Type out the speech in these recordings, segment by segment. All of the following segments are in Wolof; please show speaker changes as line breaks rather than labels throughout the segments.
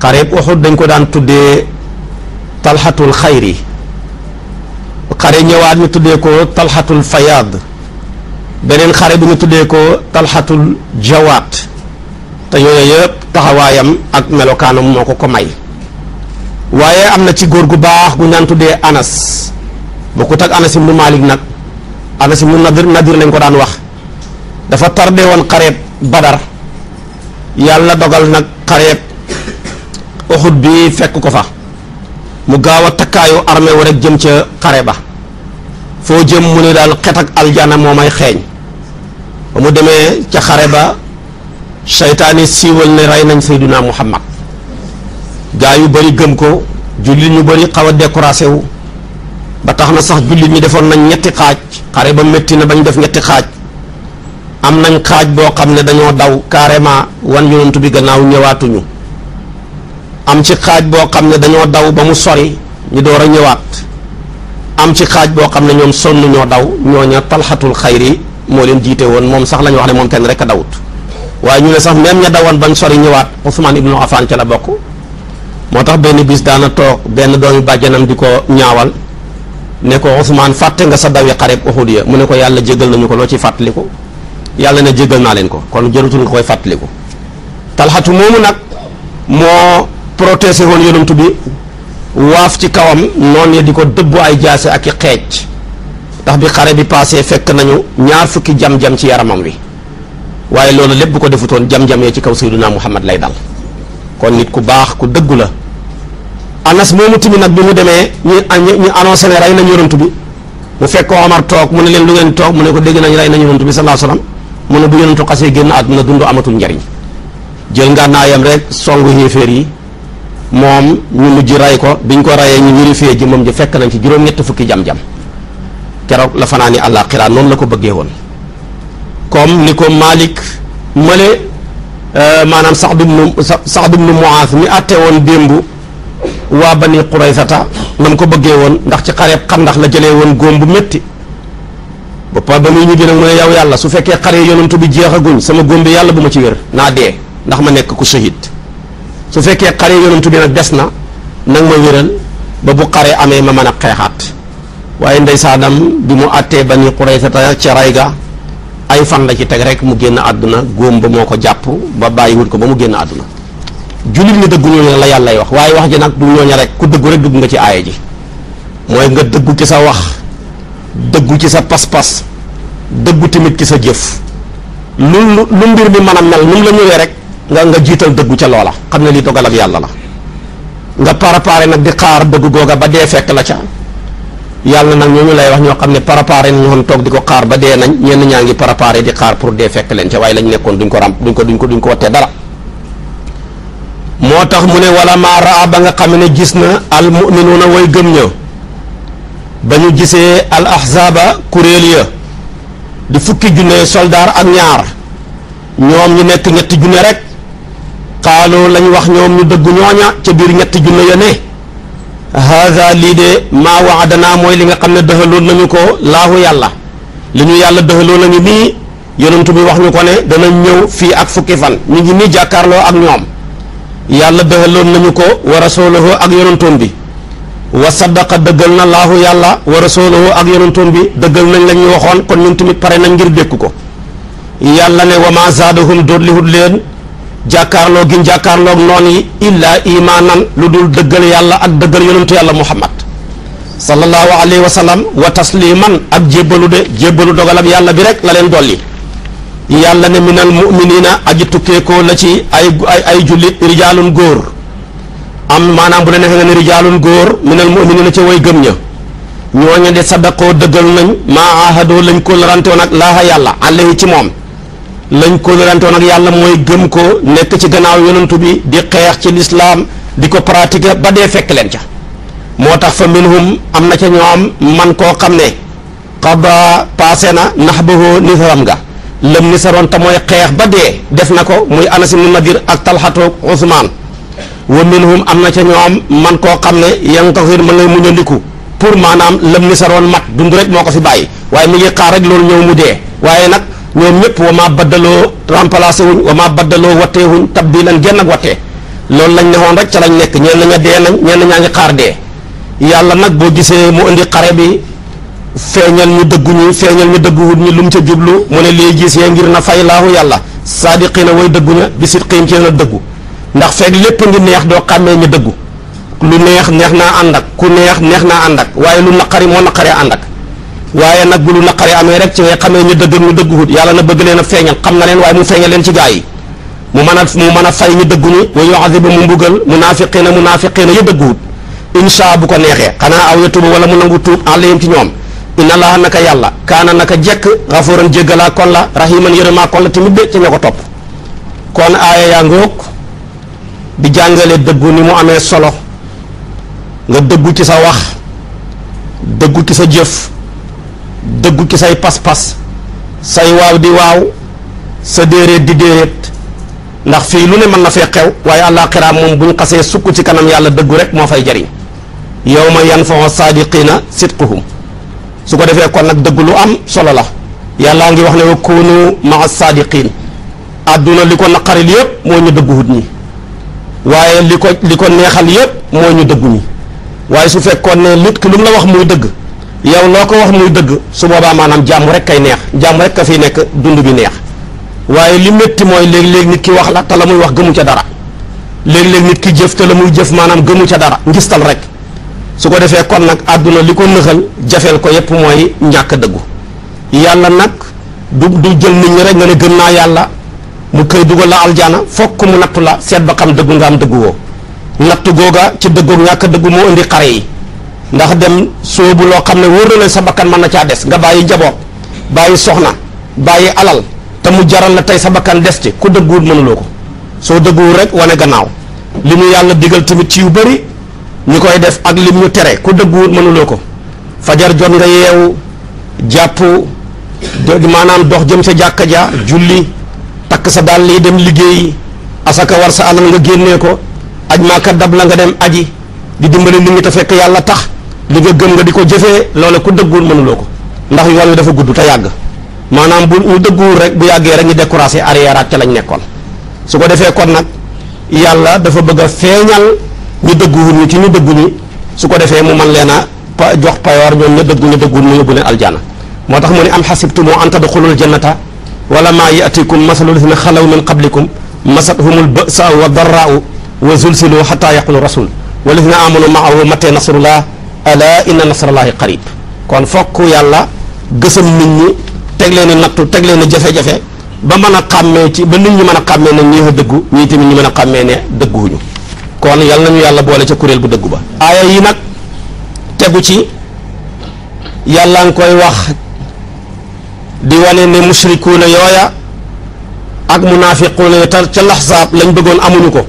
xareeb Uhud dañ ko daan tuddee talxatul xayri xare ñëwaat ñu tuddee ko talxatul fayaad beneen xare bi ñu tuddee ko talxatul jawaat te yooyu yëpp taxawaayam ak melokaanam moo ko ko may waaye am na ci góor gu baax gu ñaan tuddee anas bokkut ak anas ibnu malik nag anas ibnu nadir nadir lañ ko daan wax dafa tardé woon xareeb badar yàlla dogal nag xareeb uxut bi fekk ko fa mu gaaw a takkaayu armé wu rek jëm ca xare ba foo jëm mu ne daal xet ak aljana moo may xeeñ ba mu demee ca xare ba seytaane siiwal ne rey nañ sayduna muhammad gaa yu bari gëm ko jullit ñu bari xaw a découragé wu ba tax na sax jullit ñi defoon nañ ñetti xaaj xare ba métti na bañ def ñetti xaaj am nañ xaaj boo xam ne dañoo daw carrément wan yonent bi gannaaw ñëwaatuñu am ci xaaj boo xam ne dañoo daw ba mu sori ñu door a ñëwaat am ci xaaj boo xam ne ñoom sonn ñoo daw ñooña talxatul xayri moo leen jiite woon moom sax la ñu wax ne moom rek a dawut waaye ñu ne sax même ña dawoon bañ sori ñëwaat Ousmane ibnu Affan ca la bokk moo tax benn bis daana toog benn doomi bàjjanam di ko ñaawal ne ko Ousmane fàtte nga sa dawi xareb Uhud ya mu ne ko yàlla jégal nañu ko loo ci fàttaliku yàlla ne jégal naa leen ko kon jërutul nga koy fàttaliku talxatu moomu nag moo protéger woon yonent bi waaf ci kawam noon ya di ko dëbb ay jaase ak i xeej ndax bi xare bi paase fekk nañu ñaar fukki jam-jam ci yaramam wi waaye loolu lépp bu ko defutoon jam-jam yee ci kaw sayyiduna Muhammad lay dal kon nit ku baax ku dëggu la anas moomu tamit nag bi mu demee ñu ñu annoncé ne rey nañu yonent bi mu fekk Omar toog mu ne leen lu ngeen toog mu ne ko dégg nañ rey nañu yonent bi sallallahu alayhi wasallam mu ne bu yonentu xasee génn àdduna dund amatul njariñ jël nga naayam rek songu yéeféer yi moom ñu mujj ray ko biñ ko rayee ñu vérifié ji moom ji fekk nañ ci juróom-ñett fukki jam-jam keroog la fanaani àllaaxira noonu la ko bëggee woon comme ni ko Malik mële euh, maanaam sax Saxd ibnu Saxd ibnu Muaas mi àtte woon démb waa Bani Quraysata nam ko bëggee woon ndax ci xareeb xam ndax la jëlee woon góom bu métti ba pare ba muy ñibbi nag mu ne yow yàlla su fekkee xare yonantu bi jeexaguñ sama góom bi yàlla bu ma ci wér naa dee ndax ma nekk ku shahid su fekkee xare yonantu bi nag des na nag ma wéral ba bu xare amee ma mën a xeexaat waaye ndeysaanam bi mu àttee ba Bani Quraysata ca ray ga ay fan la ci teg rek mu génn àdduna góom ba moo ko jàpp ba bàyyiwut ko ba mu génn àdduna jullit ñi dëggu ñooñu la yàllaay wax waaye wax ji nag du ñooñu rek ku dëggu rek dugg nga ci aaya ji mooy nga dëggu ci sa wax dëggu ci sa pas-pas dëggu tamit ci sa jëf lu lu mbir bi mën a mel nu la ñëwee rek nga nga jiital dëggu ca loola xam ne li dogalab yàlla la nga préparé nag di xaar dëgg googa ba dee fekk la ca yàlla nag ñooñu lay wax ñoo xam ne préparé nañ woon toog di ko xaar ba dee nañ ñenn ñaa ngi préparé di xaar pour dee fekk leen ca waaye lañ nekkoon duñ ko ram duñ ko duñ ko duñ ko wattee dara moo tax mu ne wala ma raa ba nga xam ne gis na al na way gëm ña ba ñu gisee al ahzaba kuréel ya di fukki junne soldaar ak ñaar ñoom ñu nekk ñetti junne rek xaaloo lañ wax ñoom ñu dëgg ña ca biir ñetti junne ya ne haada lii de maa dana mooy li nga xam ne dëxaloon nañu ko laaxu yàlla li ñu yàlla dëxaloon nañu nii yonentu bi wax ñu ko ne danañ ñëw fii ak fukki fan ñu ngi nii jàkkaarloo ak ñoom yàlla dëxaloon nañu ko wa rasulahu ak yonentoon bi wa saddaqa dëggal na laahu yàlla wa rasulahu ak yonentoon bi dëggal nañ lañuy waxoon kon ñun tamit pare nañ ngir dékku ko yàlla ne wa ma jàkkaarloo gi jàkkaarloog noon yi illaa imaanan lu dul dëggal yàlla ak dëggal yonentu yàlla muhammad sallallahu alayhi wa sallam wa tasliman ak jébbalu de jébbalu dogal ak yàlla bi rek la leen yi yàlla ne minal muminina aji tukkeekoo la ci ay ay ay jullit rijaalun góor am maanaam bu la neexee nga ne rijaalun góor minal muminina ca way gëm ña ñooñu de sadaqoo dëggal nañ maa ahadoo lañ ko larante woon ak laaha yàlla alayhi ci moom lañ ko lerantoon ak yàlla mooy gëm ko nekk ci gannaaw yonantu bi di xeex ci lislaam di ko pratiquer ba dee fekk leen ca moo tax fa minhum am na ca ñoom man koo xam ne xaba passé na nax bahoo nisaram nga lëm nisaroon te mooy xeex ba def na ko muy Anas ibn Nadir ak talxatu Usmaan wa minhum am na ca am man koo xam ne yantasir ma ngay muñandiku pour maanaam lëm nisaroon mat dund rek moo ko fi bàyyi waaye mi ngi xaar rek loolu ñëw mu dee waaye nag ñoom ñëpp wa maa baddaloo remplacé wuñ wa maa baddaloo wattee wuñ tabdilan genn ak wattee loolu lañ newoon rek ca lañ nekk ñeen naña dee nañ ñeen ñaa ngi xaar dee yàlla nag boo gisee mu indi xare bi feeñal ñu dëggu ñi feeñal ñu dëgguwut ñi lu mu ca jublu mu ne lii gisee ngir na fay laahu yàlla saadiqiina way dëggu ña bi sidqiin ci na dëggu ndax feeg lépp ngi neex doo xàmmee ñu dëggu lu neex neex naa ànd ak ku neex neex naa ànd ak waaye lu naqari moo naqaree ànd waaye nag bu lu naqaree amee rek ci ngay xamee ñu dëgg ñu dëgguwut yàlla na bëgg leen a feeñal xam na leen waaye mu feeñal leen ci gaa yi mu mën a mu mën a fay ñu dëgguñu wa yu'adhibu mu mbugal munaafiqiina munaafiqiina yu dëgguwut insha bu ko neexee xanaa aw yatubu wala mu nangu tuub alayhim ci ñoom inna allaha naka yàlla kaana naka jekk xafuuran jéggalaa kon la rahiman yërëmaa kon la tamit de ca ña ko topp kon aaya yaa ngoog di jàngale dëggu ni mu amee solo nga dëggu ci sa wax dëggu ci sa jëf dëggu ci say pas-pas say waaw di waaw sa déeréet di déeréet ndax fii lu ne mën na fee xew waaye àllaaxira moom buñ xasee sukk ci kanam yàlla dëggu rek moo fay jariñ yow ma yawma yanfa'u saadiqiina sidquhum su ko defee kon nag dëgg lu am solo la yàllaa ngi wax ne wa kuunu ma'a saadiqiin àdduna li ko naqaril yëpp moo ñu dëgguwut ñi waaye li ko li ko neexal yëpp moo ñu dëggu ñi waaye su fekkoon ne nit ki lu mu la wax muy dëgg yow loo ko wax muy dëgg su boobaa maanaam jàmm rek ay neex jàmm rek ka fi nekk dund bi neex waaye li métti mooy léeg léegi nit ki wax la te la muy wax gëmu ca dara léeg-léeg nit ki jëf te la muy jëf maanaam gëmu ca dara ngistal rek su ko defee kon nag àdduna li ko nëxal jafeel ko yépp mooy ñàkk dëggu yàlla nag du du jël nit ñi rek nga ne gën naa yàlla mu koy dugal la aljana fokk mu nattu la seet ba xam dëggu nga am dëggu woo nattu googa ci dëggoog ñàkk dëggu moo indi xare ndax dem sóobu loo xam ne wóor na leen sa bakkan man na caa des nga bàyyi njaboot bàyyi soxna bàyyi alal te mu jaral la tey sa bakkan des ci ku dëgguwul mënuloo ko soo dëgguwul rek wane gannaaw li mu yàlla digal tamit ci yu bëri ñu koy def ak lim ñu tere ku dëgguwul mënuloo ko fajar jot nga yeewu jàpp maanaam dox jëm sa jàkka ja julli takk sa daal lii dem liggéey liggéeyi asaka war sa alal nga génnee ko aj maaka dab la nga dem aji di dimbali li ngi te fekk yàlla tax li nga gëm nga di ko jëfee loola ku dëgguwul mënuloo ko ndax yoon dafa guddu te yàgg maanaam bu ñu dëgguwul rek bu yàggee rek ñu découragé arrière ak ca lañ nekkoon su ko defee kon nag yàlla dafa bëgg a feeñal ñu dëgguwul ñu ci ñu dëggu ñi su ko defee mu man leen a jox payoor ñoom ñu dëggu ñu dëgguwul mu yóbbu leen aljana moo tax mu ne am xasibtumu an tadxulul jannata wala maa yaatikum masalul lazina xalaw min qablikum masathumul ba'sa wa darraau wa zulsilu xata yaqulu rasul walazina amanu maahu mattee nasrullah ala inna nasrallahi qarib kon fokk yàlla gësam nit ñi teg leen a nattu teg leen a jafe-jafe ba mën a xàmmee ci ba nit ñi mën a xàmmee ne ñii dëggu ñii tamit ñi mën a xàmmee ne dëgguwuñu kon yàlla nañu yàlla boole ca kuréel bu dëggu ba aaya yi nag tegu ci yàlla nga koy wax di wane ne mushrikuuna yooya ak munaafiquuna ya tar ca laxsaab lañ bëggoon amuñu ko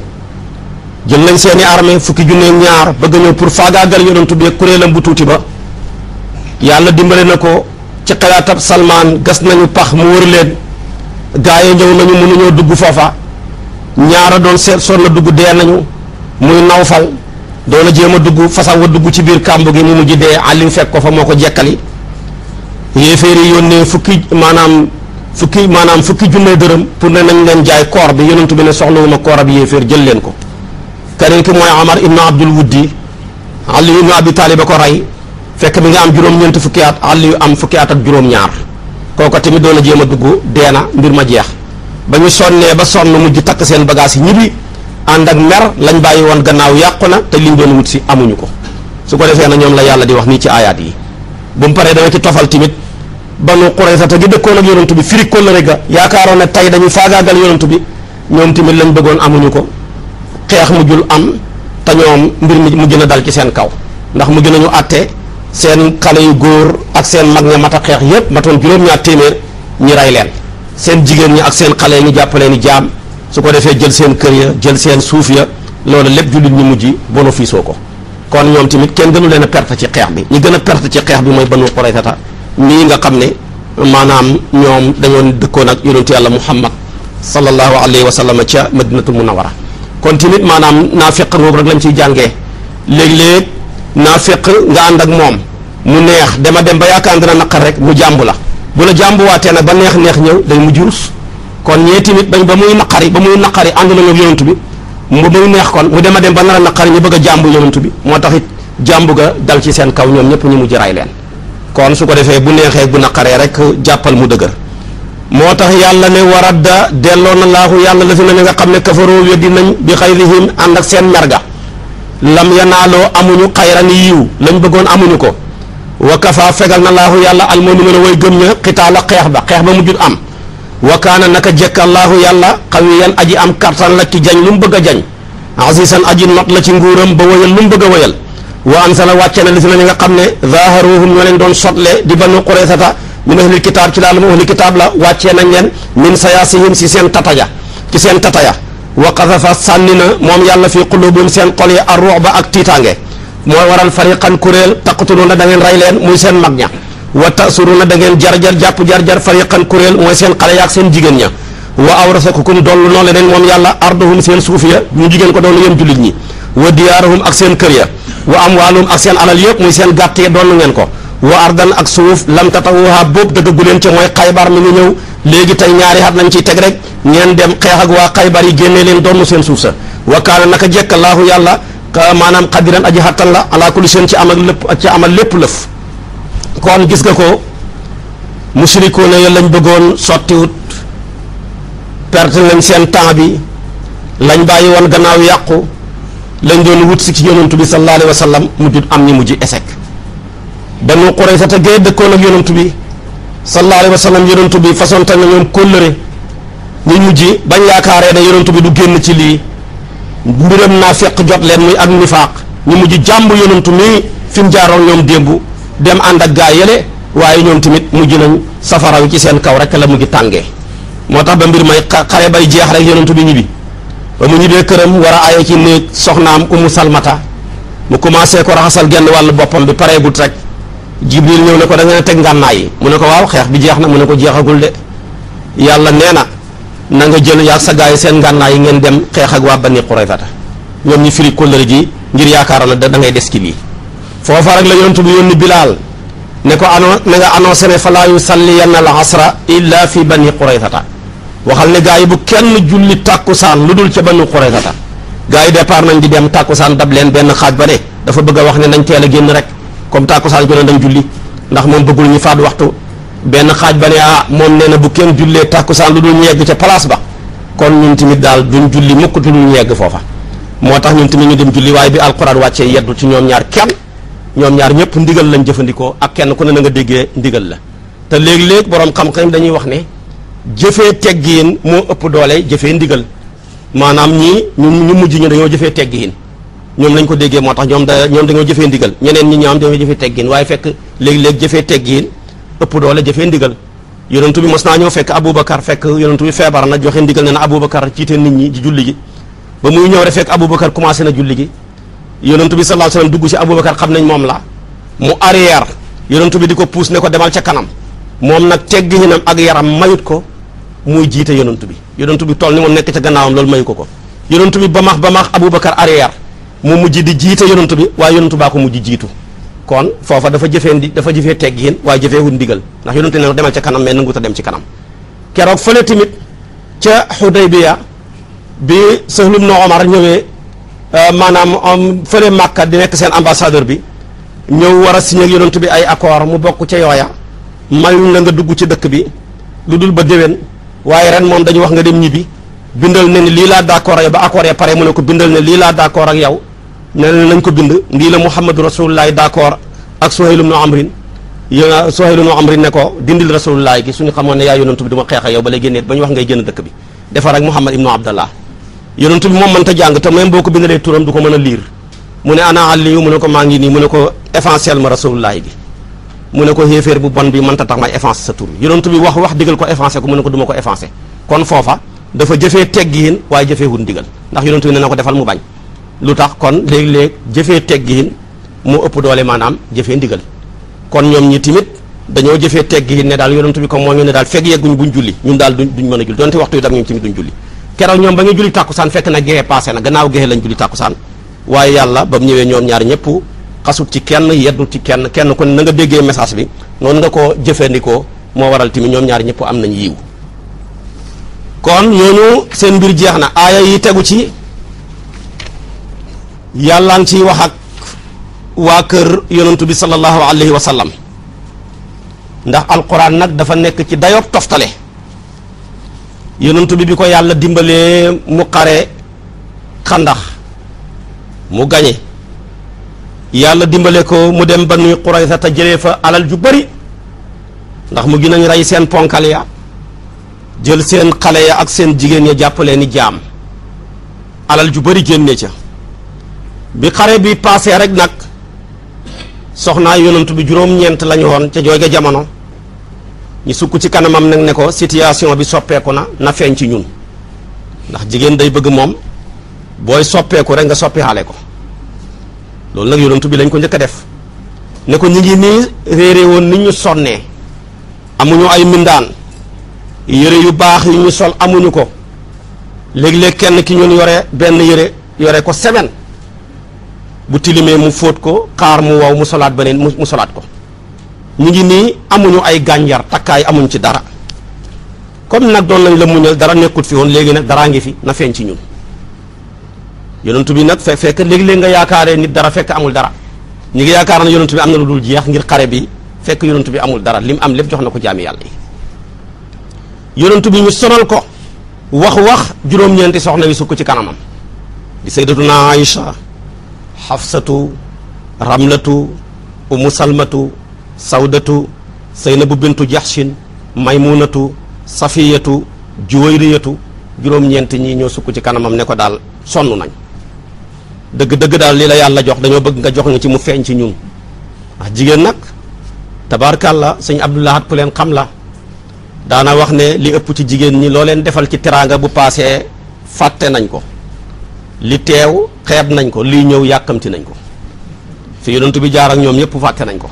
jël nañ seeni armée fukki junne ñaar bëgg ñëw pour faagaagal yonantu bi kuréelam bu tuuti ba yàlla dimbale na ko ci xalaatab Salmaan gas nañu pax mu wër leen gaa yi ñëw nañu mënuñoo dugg foofa ñaara doon seet soon na dugg dee nañu muy nawfal doon a jéem a dugg fasaw wa dugg ci biir kàmb gi mu mujj dee àllim fekk ko fa moo ko jekkali yéeféer yi yónnee fukki maanaam fukki maanaam fukki junne dërëm pour ne nañ leen jaay koor bi yonantu bi ne soxlawuma koor ab yéeféer jël leen ko keneen ki mooy Omar ibnu Abdul Wuddi Ali ibnu Abi Taalib a ko rey fekk mi nga am juróom-ñeent fukki at yu am fukki at ak juróom-ñaar kooka tamit doon a jéem a dugg na mbir ma jeex ba ñu sonnee ba sonn mujj takk seen bagage yi ñibbi ànd ak mer lañ bàyyi woon gannaaw yàqu na te liñ doon wut si amuñu ko su ko defee na ñoom la yàlla di wax nii ci aayaat yi bu mu paree dana ci tofal tamit banu Qurayza te gi dëkkoon ak yonent bi firi kóllëre ga yaakaaroon ne tey dañu faagaagal yonent bi ñoom tamit lañ bëggoon amuñu ko xeex mujjul am te ñoom mbir mi mujj na a dal ci seen kaw ndax mu gën a ñu àtte seen xale yu góor ak seen mag ña mat a xeex yépp matoon juróom-ñaar téeméer ñi rey leen seen jigéen ñi ak seen xale yi ñu jàppalee ni jaam su ko defee seen kër ya jël seen suuf ya loolu lépp jullit ñu mujj bénéfice ko kon ñoom tamit kenn gënu leen a perte ci xeex bi ñi gën a perte ci xeex bi mooy banu Qurayzata nii nga xam ne maanaam ñoom dañoon dëkkoon ak yonentu yàlla Muhammad sallallahu alayhi wa sallam ca madinatul munawara kon tamit maanaam naa feq ngoog rek lañ ciy jàngee léeg-léeg naa feq nga ànd ak moom mu neex dama dem ba yaakaar dina naqar rek mu jàmbu la bu la jàmbuwaatee nag ba neex neex ñëw day mujj rus kon ñee tamit bañ ba muy naqari ba muy naqari ànd nañu ak yonent bi mu muy neex kon mu dem a dem ba nar a naqari ñu bëgg a jàmbu yonent bi moo tax it jàmbu ga dal ci seen kaw ñoom ñëpp ñu mu ray leen kon su ko defee bu neexee bu naqaree rek jàppal mu dëgër moo tax yàlla ne waradda delloo na laahu yàlla la fi na nga xam ne kafaroo weddi nañ bi xayrihim ànd ak seen merga lam yanaaloo amuñu xayran yiw lañ bëggoon amuñu ko wa kafa fegal na laahu yàlla almu'miniina way gëm ña xitaala xeex ba xeex ba mujjut am wa kaana naka jekka laahu yàlla xawiyan aji am kartan la ci jañ lu mu bëgg a jañ asisan aji not la ci nguuram ba wëyal lu mu bëgg a wëyal sa ansala wàcce na li fi na nga xam ne zaaharuhum ñoo leen doon sotle di banu quraysata mu min ahlil kitaab ci laa la mu ahli kitaab la wàccee nañ leen min sayaasihim si seen tataya ci seen tata tataya wa qadafa sànni na moom yàlla fi qulubum seen xol yi ar-ru'ba ak tiitaange mooy waral fariqan kuréel taqtuluuna da ngeen rey leen muy seen mag ña wa tasuruuna da ngeen jar-jar jàpp jar-jar fariqan kuréel mooy seen xale yaak seen jigéen ña wa awrasakum dollu noo leneen moom yàlla ardahum seen suuf ya ñu jigéen ko doon yem jullit ñi wa diyaarahum ak seen kër ya wa amwaalahum ak seen alal yëpp muy seen gàtt ya doon ngeen ko wa ardan ak suuf lam tatawuha boobu dëggagu leen ca mooy xaybar mi ngi ñëw léegi tey ñaari at nañ ciy teg rek ngeen dem xeex ak waa xaybar yi génnee leen doonu seen suuf sa wa kaana naka jekk allaahu yàlla maanaam xadiran aji xattan la ala kulli seen ci amal lépp ci amal lépp lëf kon gis nga ko musrikoona ya lañ bëggoon sottiwut perte lañ seen temps bi lañ bàyyi woon gannaaw yàqu lañ doon wut si ci yonantu bi sallallahu alayhi wa sallam mujj am ñi mujj échec banu Qurayza te gay dëkkoon ak yonantu bi sallallahu alayhi wa sallam yonantu bi façon tamit ñoom kóllëre ñu mujj bañ yaakaaree na yonantu bi du génn ci lii mbiram naa feq jot leen muy ak nifaaq ñu mujj jàmb yonantu mi fi mu jaaroon ñoom démb dem ànd ak gaa yele waaye ñoom tamit mujj nañ safara wi ci seen kaw rek la mu ngi tàngee moo tax ba mbir may xare bay jeex rek yonantu bi ñibbi ba mu ñibbee këram war a aye ci néeg soxnaam umu salmata mu commencé ko raxasal genn wàllu boppam bi pareegut rek jibril ñëw ne ko da ngeen a teg ngànnaay yi mu ne ko waaw xeex bi jeex na mu ne ko jeexagul de yàlla nee na na nga jël yaag sa gaay yi seen ngànnaay yi ngeen dem xeex ak waa bani qurayzata ñoom ñu firi kóllëre gi ngir yaakaar la da ngay des ci lii foofa rek la yonent bi yónni bilaal ne ko ano na nga annoncé ne falaa yusalliyanna al asra illaa fi bani qurayzata waxal ne gars yi bu kenn julli tàkkusaan lu dul ca bani qurayzata gars yi départ nañ di dem tàkkusaan dab leen benn xaaj ba dafa bëgg wax ne nañ teel a génn rek comme tàkkusaan jot na dem julli ndax moom bëggul ñu faat waxtu benn xaaj ba ne ah moom nee na bu kenn jullee tàkkusaan lu dul ñu yegg ca place ba kon ñun tamit daal duñ julli mukk lu dul ñu yegg foofa moo tax ñun tamit ñu dem julli waaye bi alquran wàccee yeddu ci ñoom ñaar kenn ñoom ñaar ñëpp ndigal lañ jëfandikoo ak kenn ku ne na nga déggee ndigal la te léegi léeg boroom xam-xam dañuy wax ne jëfee teggiin moo ëpp doole jëfee ndigal maanaam ñii ñu mujj ñu dañoo jëfee teggiin ñoom lañ ko déggee moo tax ñoom da ñoom dañoo jëfee ndigal ñeneen ñi ñoom dañoo jëfee teggin waaye fekk léegi-léeg jëfee teggin ëpp doole jëfee ndigal yonentu bi mos naa ñëw fekk aboubacar fekk yonentu bi feebar na joxe ndigal ne na aboubacar jiite nit ñi ci julli gi ba muy ñëw rek fekk aboubacar commencé na julli gi yonentu bi sallallahu alayhi wasallam dugg si aboubacar xam nañ moom la mu arrière yonentu bi di ko puus ne ko demal ca kanam moom nag tegginam ak yaram mayut ko muy jiite yonentu bi yonentu bi toll ni moom nekk ca gannaawam loolu mayu ko ko yonentu bi ba max ba max aboubacar arrière mu mujj di jiite yonantu bi waaye yonantu baa ko mujj jiitu kon foofa dafa jëfee ndi dafa teg teggin waaye jëfeewul ndigal ndax yonantu ne demal ca kanam mais nangu ta dem ci kanam keroog fële tamit ca Xudaybiya bi Sahl noo Omar ñëwee euh, maanaam um, fële Màkka di nekk seen ambassadeur bi ñëw war a signé ak yonantu bi ay accord mu bokk ca yooya mayuñ la nga dugg ci dëkk bi lu dul ba déwén waaye ren moom dañu wax nga dem ñibbi bindal ne ni lii laa d'accord ba accord ya ko bindal ne lii laa d'accord ak yow nee na nañ ko bind ndii la Muhammadu Rasulullahi d'accord ak Suhayl ibn Amrin yow ah, Suhayl ibn Amrin ne ko dindil Rasulullahi gi suñu xamoon ne yaay yonantu bi du ma xeex ak yow balay génneet ba ñu wax ngay génn dëkk bi defar ak Muhammad ibnu Abdallah yonantu bi moom mënta jàng te même boo ko bindalee turam du ko mën a liir mu ne ana àlli yu mu ne ko maa ngi nii mu ne ko essentiel ma Rasulullahi gi mu ne ko xéeféer bu bon bi mënta tax may effacé sa tur yonent bi wax wax digal ko effacé ko mu ne ko ma ko effacé kon foofa dafa jëfee teggiin waaye jëfee wut ndigal ndax yonent bi ne na ko defal mu bañ lu tax kon léeg-léeg jëfee teggiin moo ëpp doole maanaam jëfe ndigal kon ñoom ñi tamit dañoo jëfee teggiin ne daal yonent bi comme moo ñu ne daal fekk yegguñu buñ julli ñun daal duñ mën a julli donte waxtu yi dam ñoom tamit duñ julli keroog ñoom ba ñu julli tàkkusaan fekk na gee passé na gannaaw gee lañ julli tàkkusaan waaye yàlla ba mu ñëwee ñoom ñaar ñëpp xasut ci kenn yeddut ci kenn kenn ku ne na nga déggee message bi noonu nga ko jëfandikoo moo waral tamit ñoom ñaar ñëpp am nañ yiw kon jeex na aaya yi tegu ci yàlla ngi ciy wax ak waa kër yonantu bi sallallahu alayhi wa sallam ndax alquran nag dafa nekk ci dayoob toftale yonantu bi bi ko yàlla dimbalee mu xare xandax mu gañe yàlla dimbale ko mu dem Banu Qurayza te jëlee fa alal ju bari ndax mu gën a rey seen ponkal ya jël seen xale ya ak seen jigéen ya jàppalee ni jaam alal ju bari génne ca bi xare bi paasee rek nag soxnaa yonent bi juróom-ñeent la ñu woon ca jooge jamono ñu sukk ci kanamam nag ne ko situation bi soppeeku na na feeñ ci ñun ndax jigéen day bëgg moom booy soppeeku rek nga soppi ko loolu nag yonent bi lañ ko njëkk a def ne ko ñu ngi nii réere woon ni ñu sonnee amuñu ay mindaan yére yu baax yi ñu sol amuñu ko léegi léeg kenn ki ñun yore benn yére yore ko semaine bu tilimee mu fóot ko xaar mu wow mu solaat beneen mu solaat ko ñu ngi nii amuñu ay gànjar takkaay amuñ ci dara comme nag doon nañ la muñal dara nekkul fi woon léegi nag daraa ngi fi na feeñ ci ñun yonentu bi nag fe fekk léegi-léegi nga yaakaaree nit dara fekk amul dara ñu ngi yaakaar ne yonentu bi am na lu dul jeex ngir xare bi fekk yonentu bi amul dara lim am lépp jox na ko jaami yàlla yi yonentu bi ñu sonal ko wax wax juróom-ñeenti soxna yi sukk ci kanamam di sayyidatuna Aïcha xafsatu ramlatu umu salmatu sawdatu saynabu bintu jaxshin maymunatu safiyatu juwayriyatu juróom-ñeent ñii ñoo sukk ci kanamam ne ko daal sonn nañ dëgg-dëgg daal li la yàlla jox dañoo bëgg nga jox nga ci mu feeñ ci ñun ndax jigéen nag tabaarkàlla sëñ abdoulahat ku leen xam la daana wax ne li ëpp ci jigéen ñi loo leen defal ci teraanga bu paase fàtte nañ ko li teew xeeb nañ ko liy ñëw yàkkamti nañ ko fi yonent bi jaar ak ñoom ñëpp fàtte nañ ko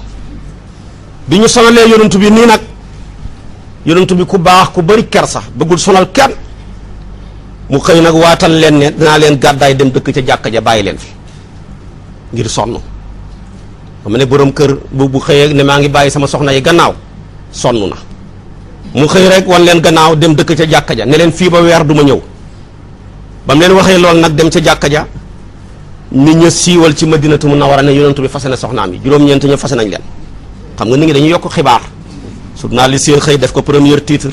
bi ñu sonalee yonent bi nii nag yonent bi ku baax ku bari ker sax bëggul sonal kenn mu xëy nag waatal leen ne danaa leen gàddaay dem dëkk ca jàkka ja bàyyi leen fi ngir sonn xam ne boroom kër bu bu xëyee ne maa ngi bàyyi sama soxna yi gannaaw sonn na mu xëy rek wan leen gannaaw dem dëkk ca jàkka ja ne leen fii ba weer du ma ñëw ba mu leen waxee loolu nag dem ca jàkka ja nit ña siiwal ci na madinatu munawwara ne yonentu bi fase na soxnaam yi juróom-ñeent ña fase nañ leen xam nga nit ñi dañuy yokk xibaar journaliste yi xëy def ko premier titre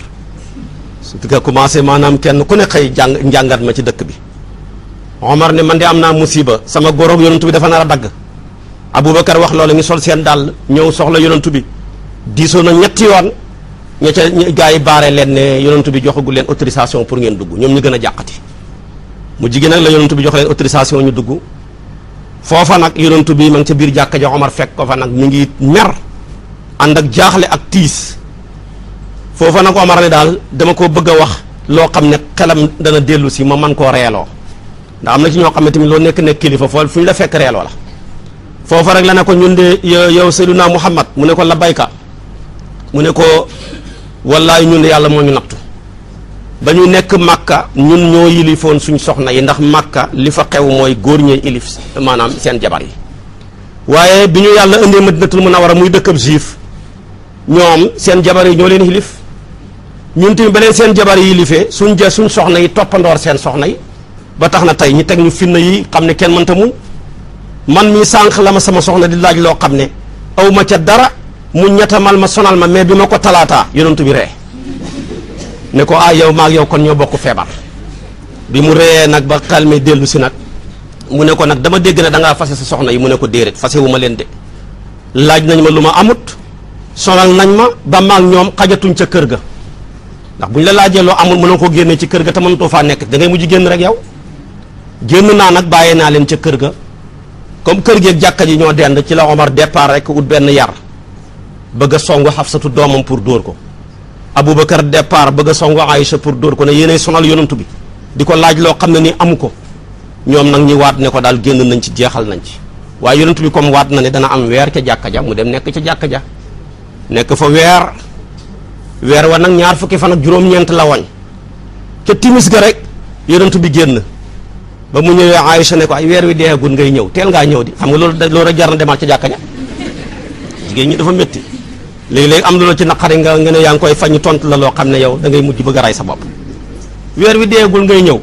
surtout que commencé maanaam kenn ku ne xëy jàng njàngat ma ci dëkk bi Omar ne man de am naa musiba sama góoroog yonentu bi dafa nar a dagg Aboubacar wax loolu ñu sol seen dàll ñëw soxla yonentu bi diisoo na ñetti yoon ña ca yi baare leen ne yonentu bi joxagu leen autorisation pour ngeen dugg ñoom ñu gën a jàqati mu jigéen nag la yonent bi jox leen autorisation ñu dugg foofa nag yonent bii ma ngi ca biir jàkka ja Omar fekk ko fa nag mi ngi mer ànd ak jaaxle ak tiis foofa nag Omar ne daal dama ko bëgg a wax loo xam ne xelam dana dellu si ma man koo reeloo ndax am na ci ñoo xam ne tamit loo nekk ne kilifa foofu fu ñu la fekk reeloo la foofa rek la ne ko ñun de yow naa Muhammad mu ne ko labayka mu ne ko wallaay ñun de yàlla moo ñu nattu ba ñu nekk màkka ñun ñoo yilifoon suñ soxna yi ndax màkka li fa xew mooy góor ñee ilif maanaam seen jabar yi waaye bi ñu yàlla indee war a muy dëkkab juif ñoom seen jabar yi ñoo leen ilif ñun tamit ba leen seen jabar yi ilifee suñ ja suñ soxna yi toppandoor seen soxna yi ba tax na tey ñu teg ñu fitna yi xam ne kenn mënta muñ man mii sànq la ma sama soxna di laaj loo xam ne aw ma ca dara mu ñettamal ma sonal ma mais bi ma ko talaataa yonentu bi ree ne ko ah yow maag yow kon ñoo bokk feebar bi mu reyee nag ba xel mi dellu si nag mu ne ko nag dama dégg ne da ngaa fase si soxna yi mu ne ko déedéet fase wu ma leen de laaj nañ ma lu ma amut sonal nañ ma ba maag ñoom xajatuñ ca kër ga ndax bu ñu la laajee loo amul mënoo ko génnee ci kër ga te mënatoo faa nekk dangay ngay mujj génn rek yow génn naa nag bàyyee naa leen ca kër ga comme kër gi ak jàkka ji ñoo dend ci la Omar départ rek ut benn yar bëgg a songu Xafsatu doomam pour dóor ko Aboubacar départ bëgg a songu Aïcha pour dóor ko ne yéenay sonal yonantu bi di ko laaj loo xam ne ni amu ko ñoom nag ñi waat ne ko daal génn nañ ci jeexal nañ ci waaye yonantu bi comme waat na ne dana am weer ca jàkka ja mu dem nekk ca jàkka ja nekk fa weer weer wa nag ñaar fukki fan ak juróom la wañ ca timis rek yonantu bi génn ba mu ñëwee Aïcha ne ko ay weer wi deeagul ngay ñëw teel ngaa ñëw di xam nga loolu loolu rek jar na demaat ca jàkka ja jigéen ñi dafa métti léegi-léegi am lu la ci naqari nga nga ne yaa ngi koy fañ tontu la loo xam ne yow da ngay mujj bëgg a rey sa bopp weer wi deegul ngay ñëw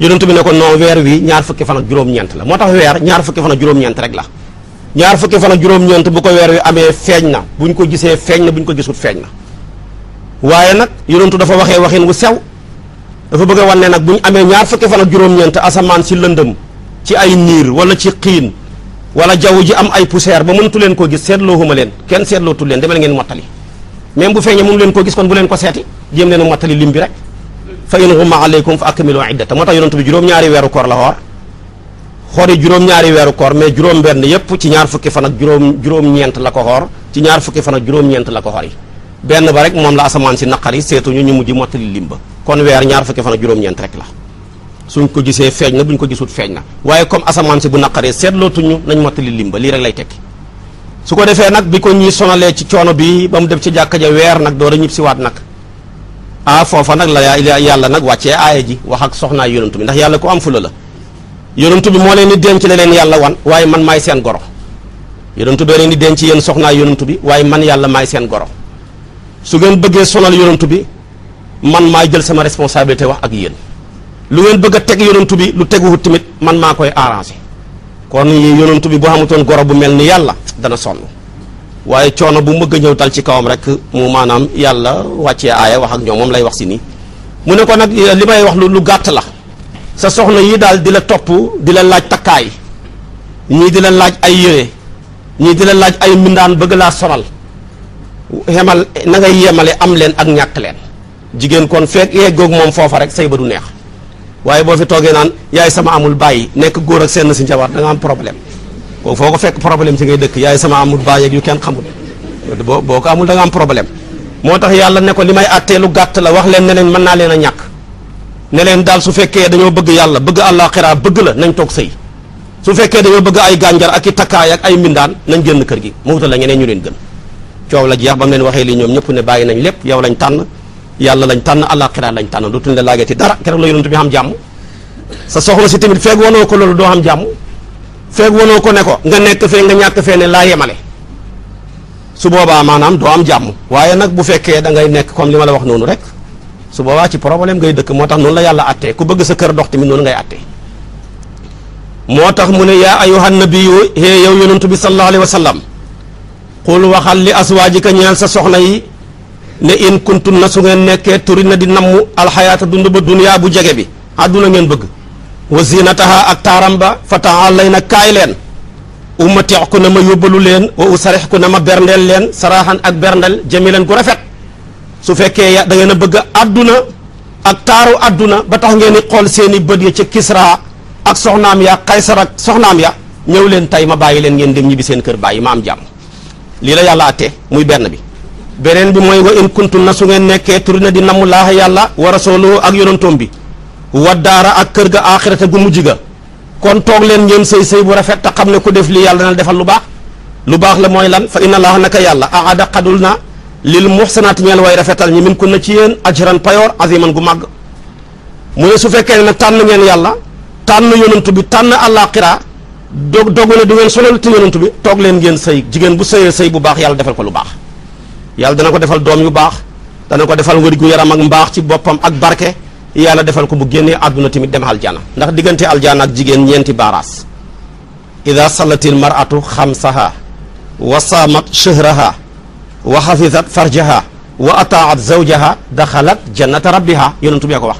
yonent bi ne ko non weer wi ñaar fukki fan ak juróom-ñeent la moo tax weer ñaar fukki fan ak juróom-ñeent rek la ñaar fukki fan ak juróom bu ko weer wi amee feeñ na buñ ko gisee feeñ na buñ ko gisul feeñ na waaye nag yonent dafa waxee waxin wu sew dafa bëgg a wan ne nag buñ amee ñaar fukki fan ak juróom-ñeent asamaan si lëndëm ci ay niir wala ci xiin wala jaww ji am ay poussière ba mënatu leen koo gis seetloohuma leen kenn seetlootu leen demel ngeen mottali même bu feeñee mënu leen koo gis kon bu leen ko seeti jéem leen a mottali lim bi rek fa in ghumma alaykum fa akmilu iddata moo tax yonent bi juróom-ñaari weeru koor la xoor xoori juróom-ñaari weeru koor mais juróom-benn yépp ci ñaar fukki fan ak juróom juróom-ñeent la ko xoor ci ñaar fukki fan ak juróom-ñeent la ko xoor benn ba rek moom la asamaan si naqari seetuñu ñu mujj mottali lim ba kon weer ñaar fukki fan ak juróom la suñ ko gisee feeñ na bu ñu ko gisut feeñ na waaye comme asamaan si bu naqaree seetlootuñu nañ mottali limba lii rek lay tekki su ko defee nag bi ko ñuy sonalee ci coono bi ba mu dem ci jàkka ja weer nag door a ñib siwaat nag ah foofa nag la yàlla nag wàccee aaya ji wax ak soxnaay yonantu bi ndax yàlla ko am fula la yonantu bi moo leen di denc la leen yàlla wan waaye man maay seen goro yonantu bee leen di denc yéen soxnaay yonantu bi waaye man yàlla maay seen goro su ngeen bëggee sonal yonantu bi man maay jël sama responsabilité wax ak yéen lu ngeen bëgg a teg yonantu bi lu teguwut tamit man maa koy arrangé kon yonantu bi boo xamutoon goro bu mel ni yàlla dana sonn waaye coono bu mëgg a ñëw dal ci kawam rek mu maanaam yàlla wàccee aaya wax ak ñoom moom lay wax si nii mu ne ko nag li may wax lu lu gàtt la sa soxna yi daal di la topp di la laaj takkaay ñii di la laaj ay yére ñii di la laaj ay mbindaan bëgg laa sonal xemal na ngay yemale am leen ak ñàkk leen jigéen kon fekk yeggoogu moom foofa rek say ba neex waaye boo fi toogee naan yaay sama amul bàyyi nekk góor ak seen si njabar da nga am problème kooku foo ko fekk problème ci ngay dëkk yaay sama amul bàyyi ak yu kenn xamul boo boo ko amul da am problème moo tax yàlla ne ko li may àttee lu gàtt la wax leen ne leen mën naa leen a ñàkk ne leen daal su fekkee dañoo bëgg yàlla bëgg àllaaxira bëgg la nañ toog sëy su fekkee dañoo bëgg ay gànjar ak i takkaay ak ay mbindaan nañ génn kër gi mu wutal la ñeneen ñu leen gën coow la jeex ba mu waxee li ñoom ñëpp ne bàyyi nañ lépp yow lañ tànn yàlla lañ tànn àllaaxira lañ tànn dootuñ la laajati dara keroog la yonent bi am jàmm sa soxla si tamit feeg wanoo ko loolu doo am jàmm feeg wanoo ko ne ko nga nekk fee nga ñàkk fee ne laa yemale su boobaa maanaam doo am jàmm waaye nag bu fekkee da ngay nekk comme li ma la wax noonu rek su boobaa ci problème ngay dëkk moo tax noonu la yàlla attee ku bëgg sa kër dox tamit noonu ngay attee moo tax mu ne yaa ayyuhan nabiyyu hee yow yonent bi sallallahu alayhi wa sallam qul waxal li aswaajika ñeel sa soxna yi ne in kuntun na su ngeen nekkee turi na di namm alxayaata dund ba duniyaa bu jege bi àdduna ngeen bëgg wa zinataha ak taaram ba fa taallay na kaay leen umatix ku na ma yóbbalu leen wa usarix ku na ma berndeel leen saraaxan ak berndeel jëmi leen gu rafet su fekkee ya da ngeen bëgg àdduna ak taaru àdduna ba tax ngeen xool seeni bët ya ca Kisra ak soxnaam ya Kaysar ak soxnaam ya ñëw leen tey ma bàyyi leen ngeen dem ñibbi seen kër bàyyi ma am jàmm lii la muy benn bi beneen bi mooy wa in kuntum na su ngeen nekkee turi na di namm laaxa yàlla wa rasuluhu ak yonantoom bi wa daara ak kër ga aaxirata gu mujj ga kon toog leen ngeen sëy sëy bu rafet te xam ne ko def lii yàlla dana defal lu baax lu baax la mooy lan fa inna laaxa naka yàlla aada xadul na lil muxsanaati ñeel way rafetal ñi min kun na ci yéen ajran payoor aziman gu màgg mu ne su fekkee ne nag tànn ngeen yàlla tànn yonantu bi tànn àllaaxira dog dogu ne du ngeen solal te yonantu bi toog leen ngeen jigéen bu sëyee sëy bu baax yàlla defal ko lu baax yàlla dana ko defal doom yu baax dana ko defal wér gu yaram ak mbaax ci boppam ak barke yàlla defal ko bu génnee àdduna tamit dem aljana ndax diggante aljana ak jigéen ñeenti baaraas ida sallatil maratu xamsaha wa saamat shahraha wa xafisat farjaha wa ataat zawjaha daxalat jannata rabbiha yonentu bee ko wax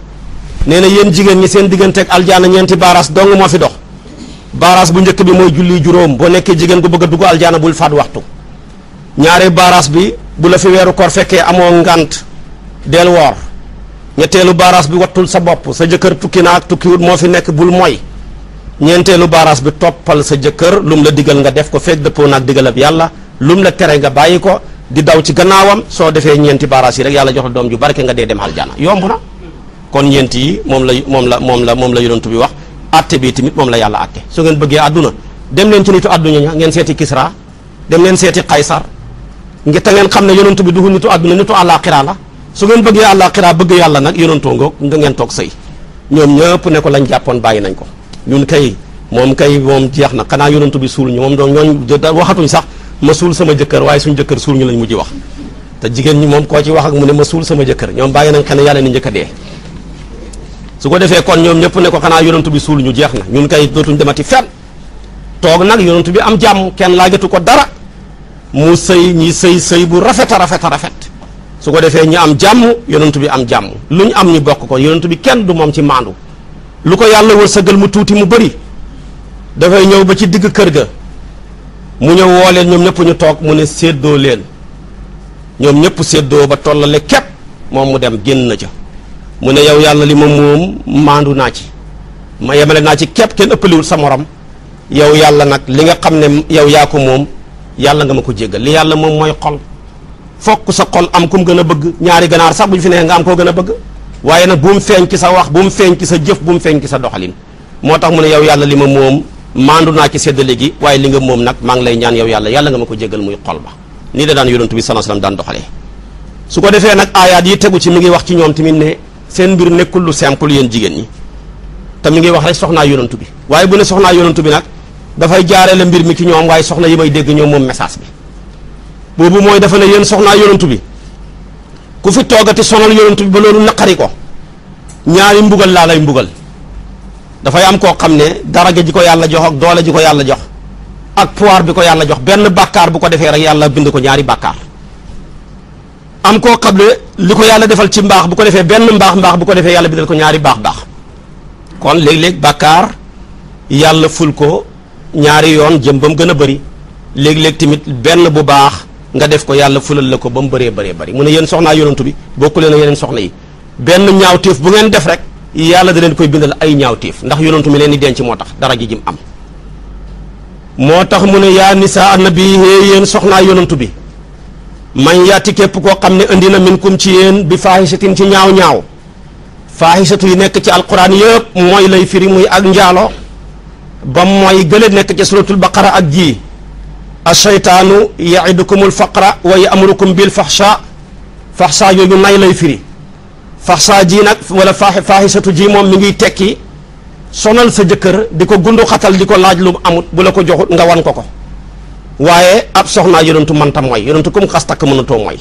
nee na yéen jigéen ñi seen diggante ak aljana ñeenti baaraas dong moo fi dox baaraas bu njëkk bi mooy julli juróom boo nekkee jigéen gu bëgg a dugg aljana bul faat waxtu bu la fi weeru koor fekkee amoon ngant del woor ñetteelu baaraas bi wattul sa bopp sa jëkkër tukki na ak tukkiwut moo fi nekk bul mooy ñeenteelu baaraas bi toppal sa jëkkër lum la digal nga def ko fekk dëppoo naag digalab yàlla lum la tere nga bàyyi ko di daw ci gannaawam soo defee ñeenti baaraas yi rek yàlla jox la doom ju barke nga dee dem aljana yomb na kon ñeent yi moom la moom la moom la moom la yonent bi wax atte bi tamit moom la yàlla atte su ngeen bëggee àdduna dem leen ci nitu àdduna ña ngeen seeti Kisra dem leen seeti Kaysar ngi te ngeen xam ne yonentu bi duhu nitu àdduna nitu àllaaxira la su ngeen bëggee àllaaxira bëgg yàlla nag yonentoo ngoog da ngeen toog sëy ñoom ñëpp ne ko lañ jàppoon bàyyi nañ ko ñun kay moom kay moom jeex na xanaa yonentu bi suul ñu moom doon ñooñ waxatuñ sax ma suul sama jëkkër waaye suñu jëkkër suul ñu lañ mujj wax te jigéen ñi moom koo ci wax ak mu ne ma suul sama jëkkër ñoom bàyyi nañ xel ne yàlla ni njëkk a su ko defee kon ñoom ñëpp ne ko xanaa yonentu bi suul ñu jeex na ñun kay dootuñ demati fenn toog nag yonentu bi am jàmm kenn laajatu ko dara mu sëy ñi sëy sëy bu rafet a rafet rafet su ko defee ñi am jàmm yonent bi am jàmm lu ñu am ñu bokk ko yonent bi kenn du moom ci maandu lu ko yàlla wërsëgal mu tuuti mu bëri dafay ñëw ba ci digg kër ga mu ñëw woo leen ñoom ñëpp ñu toog mu ne séddoo leen ñoom ñëpp séddoo ba tollale képp moom mu dem génn na ca mu ne yow yàlla li ma moom maandu naa ci ma yemale naa ci képp kenn ëppaliwul sa morom yow yàlla nag li nga xam ne yow yaa ko moom yàlla nga ma ko jéggal li yàlla moom mooy xol fokk sa xol am ku mu gën a bëgg ñaari ganaar sax bu ñu fi neexee nga am koo gën a bëgg waaye nag bu mu feeñ ci sa wax bu mu feeñ ci sa jëf bu mu feeñ ci sa doxalin moo tax mu ne yow yàlla li ma moom maandu naa ci sedd léegi waaye li nga moom nag maa ngi lay ñaan yow yàlla yàlla nga ma ko jéggal muy xol ba nii la daan yonent bi sallallahu alayhi wasallam daan doxalee su ko defee nag aayaat yi tegu ci mi ngi wax ci ñoom tamit ne seen mbir nekkul lu simple yéen jigéen ñi te mi ngi wax rek soxnaa yonent bi waaye bu ne soxnaa yonent bi nag dafay jaarale mbir mi ci ñoom waaye soxna yi may dégg ñoom moom message bi boobu mooy dafa ne yéen soxnaa yonantu bi ku fi toogati sonal yonantu bi ba loolu naqari ko ñaari mbugal laa lay mbugal dafay am koo xam ne daraja ji ko yàlla jox ak doole ji ko yàlla jox ak pouvoir bi ko yàlla jox benn bàkkaar bu ko defee rek yàlla bind ko ñaari bàkkaar am koo xam ne li ko yàlla defal ci mbaax bu ko defee benn mbaax mbaax bu ko defee yàlla bindal ko ñaari baax baax kon léeg-léeg bàkkaar yàlla ful ko ñaari yoon jëm ba mu gën a bëri léeg-léeg tamit benn bu baax nga def ko yàlla fulal la ko ba mu baree baree bari mu ne yéen soxnaa yonantu bi bokk leen ak yeneen soxna yi benn ñaawteef bu ngeen def rek yàlla da leen koy bindal ay ñaaw ñaawteef ndax yonantu mi leen di denc moo tax dara ji jim am moo tax mu ne yaa sa annabi hee yéen soxnaa yonantu bi man yaati képp koo xam ne indi na minkum ci yéen bi faahisatin ci ñaaw-ñaaw faahisatu yi nekk ci alquran yëpp mooy lay ak njaalo ba mooy gële nekk ci suratul baqara ak ji ashaytaanu yaidukumul faqra wa yamurukum bil faxsha faxsha yooyu nay lay firi faxsha jii nag wala faaxi faaxisatu ji moom mi ngi tekki sonal sa jëkkër di ko gundu xatal di ko laaj lu amut bu la ko joxut nga wan ko ko waaye ab soxnaa yonentu mënta mooy yonentu kum xas takk mënatoo mooy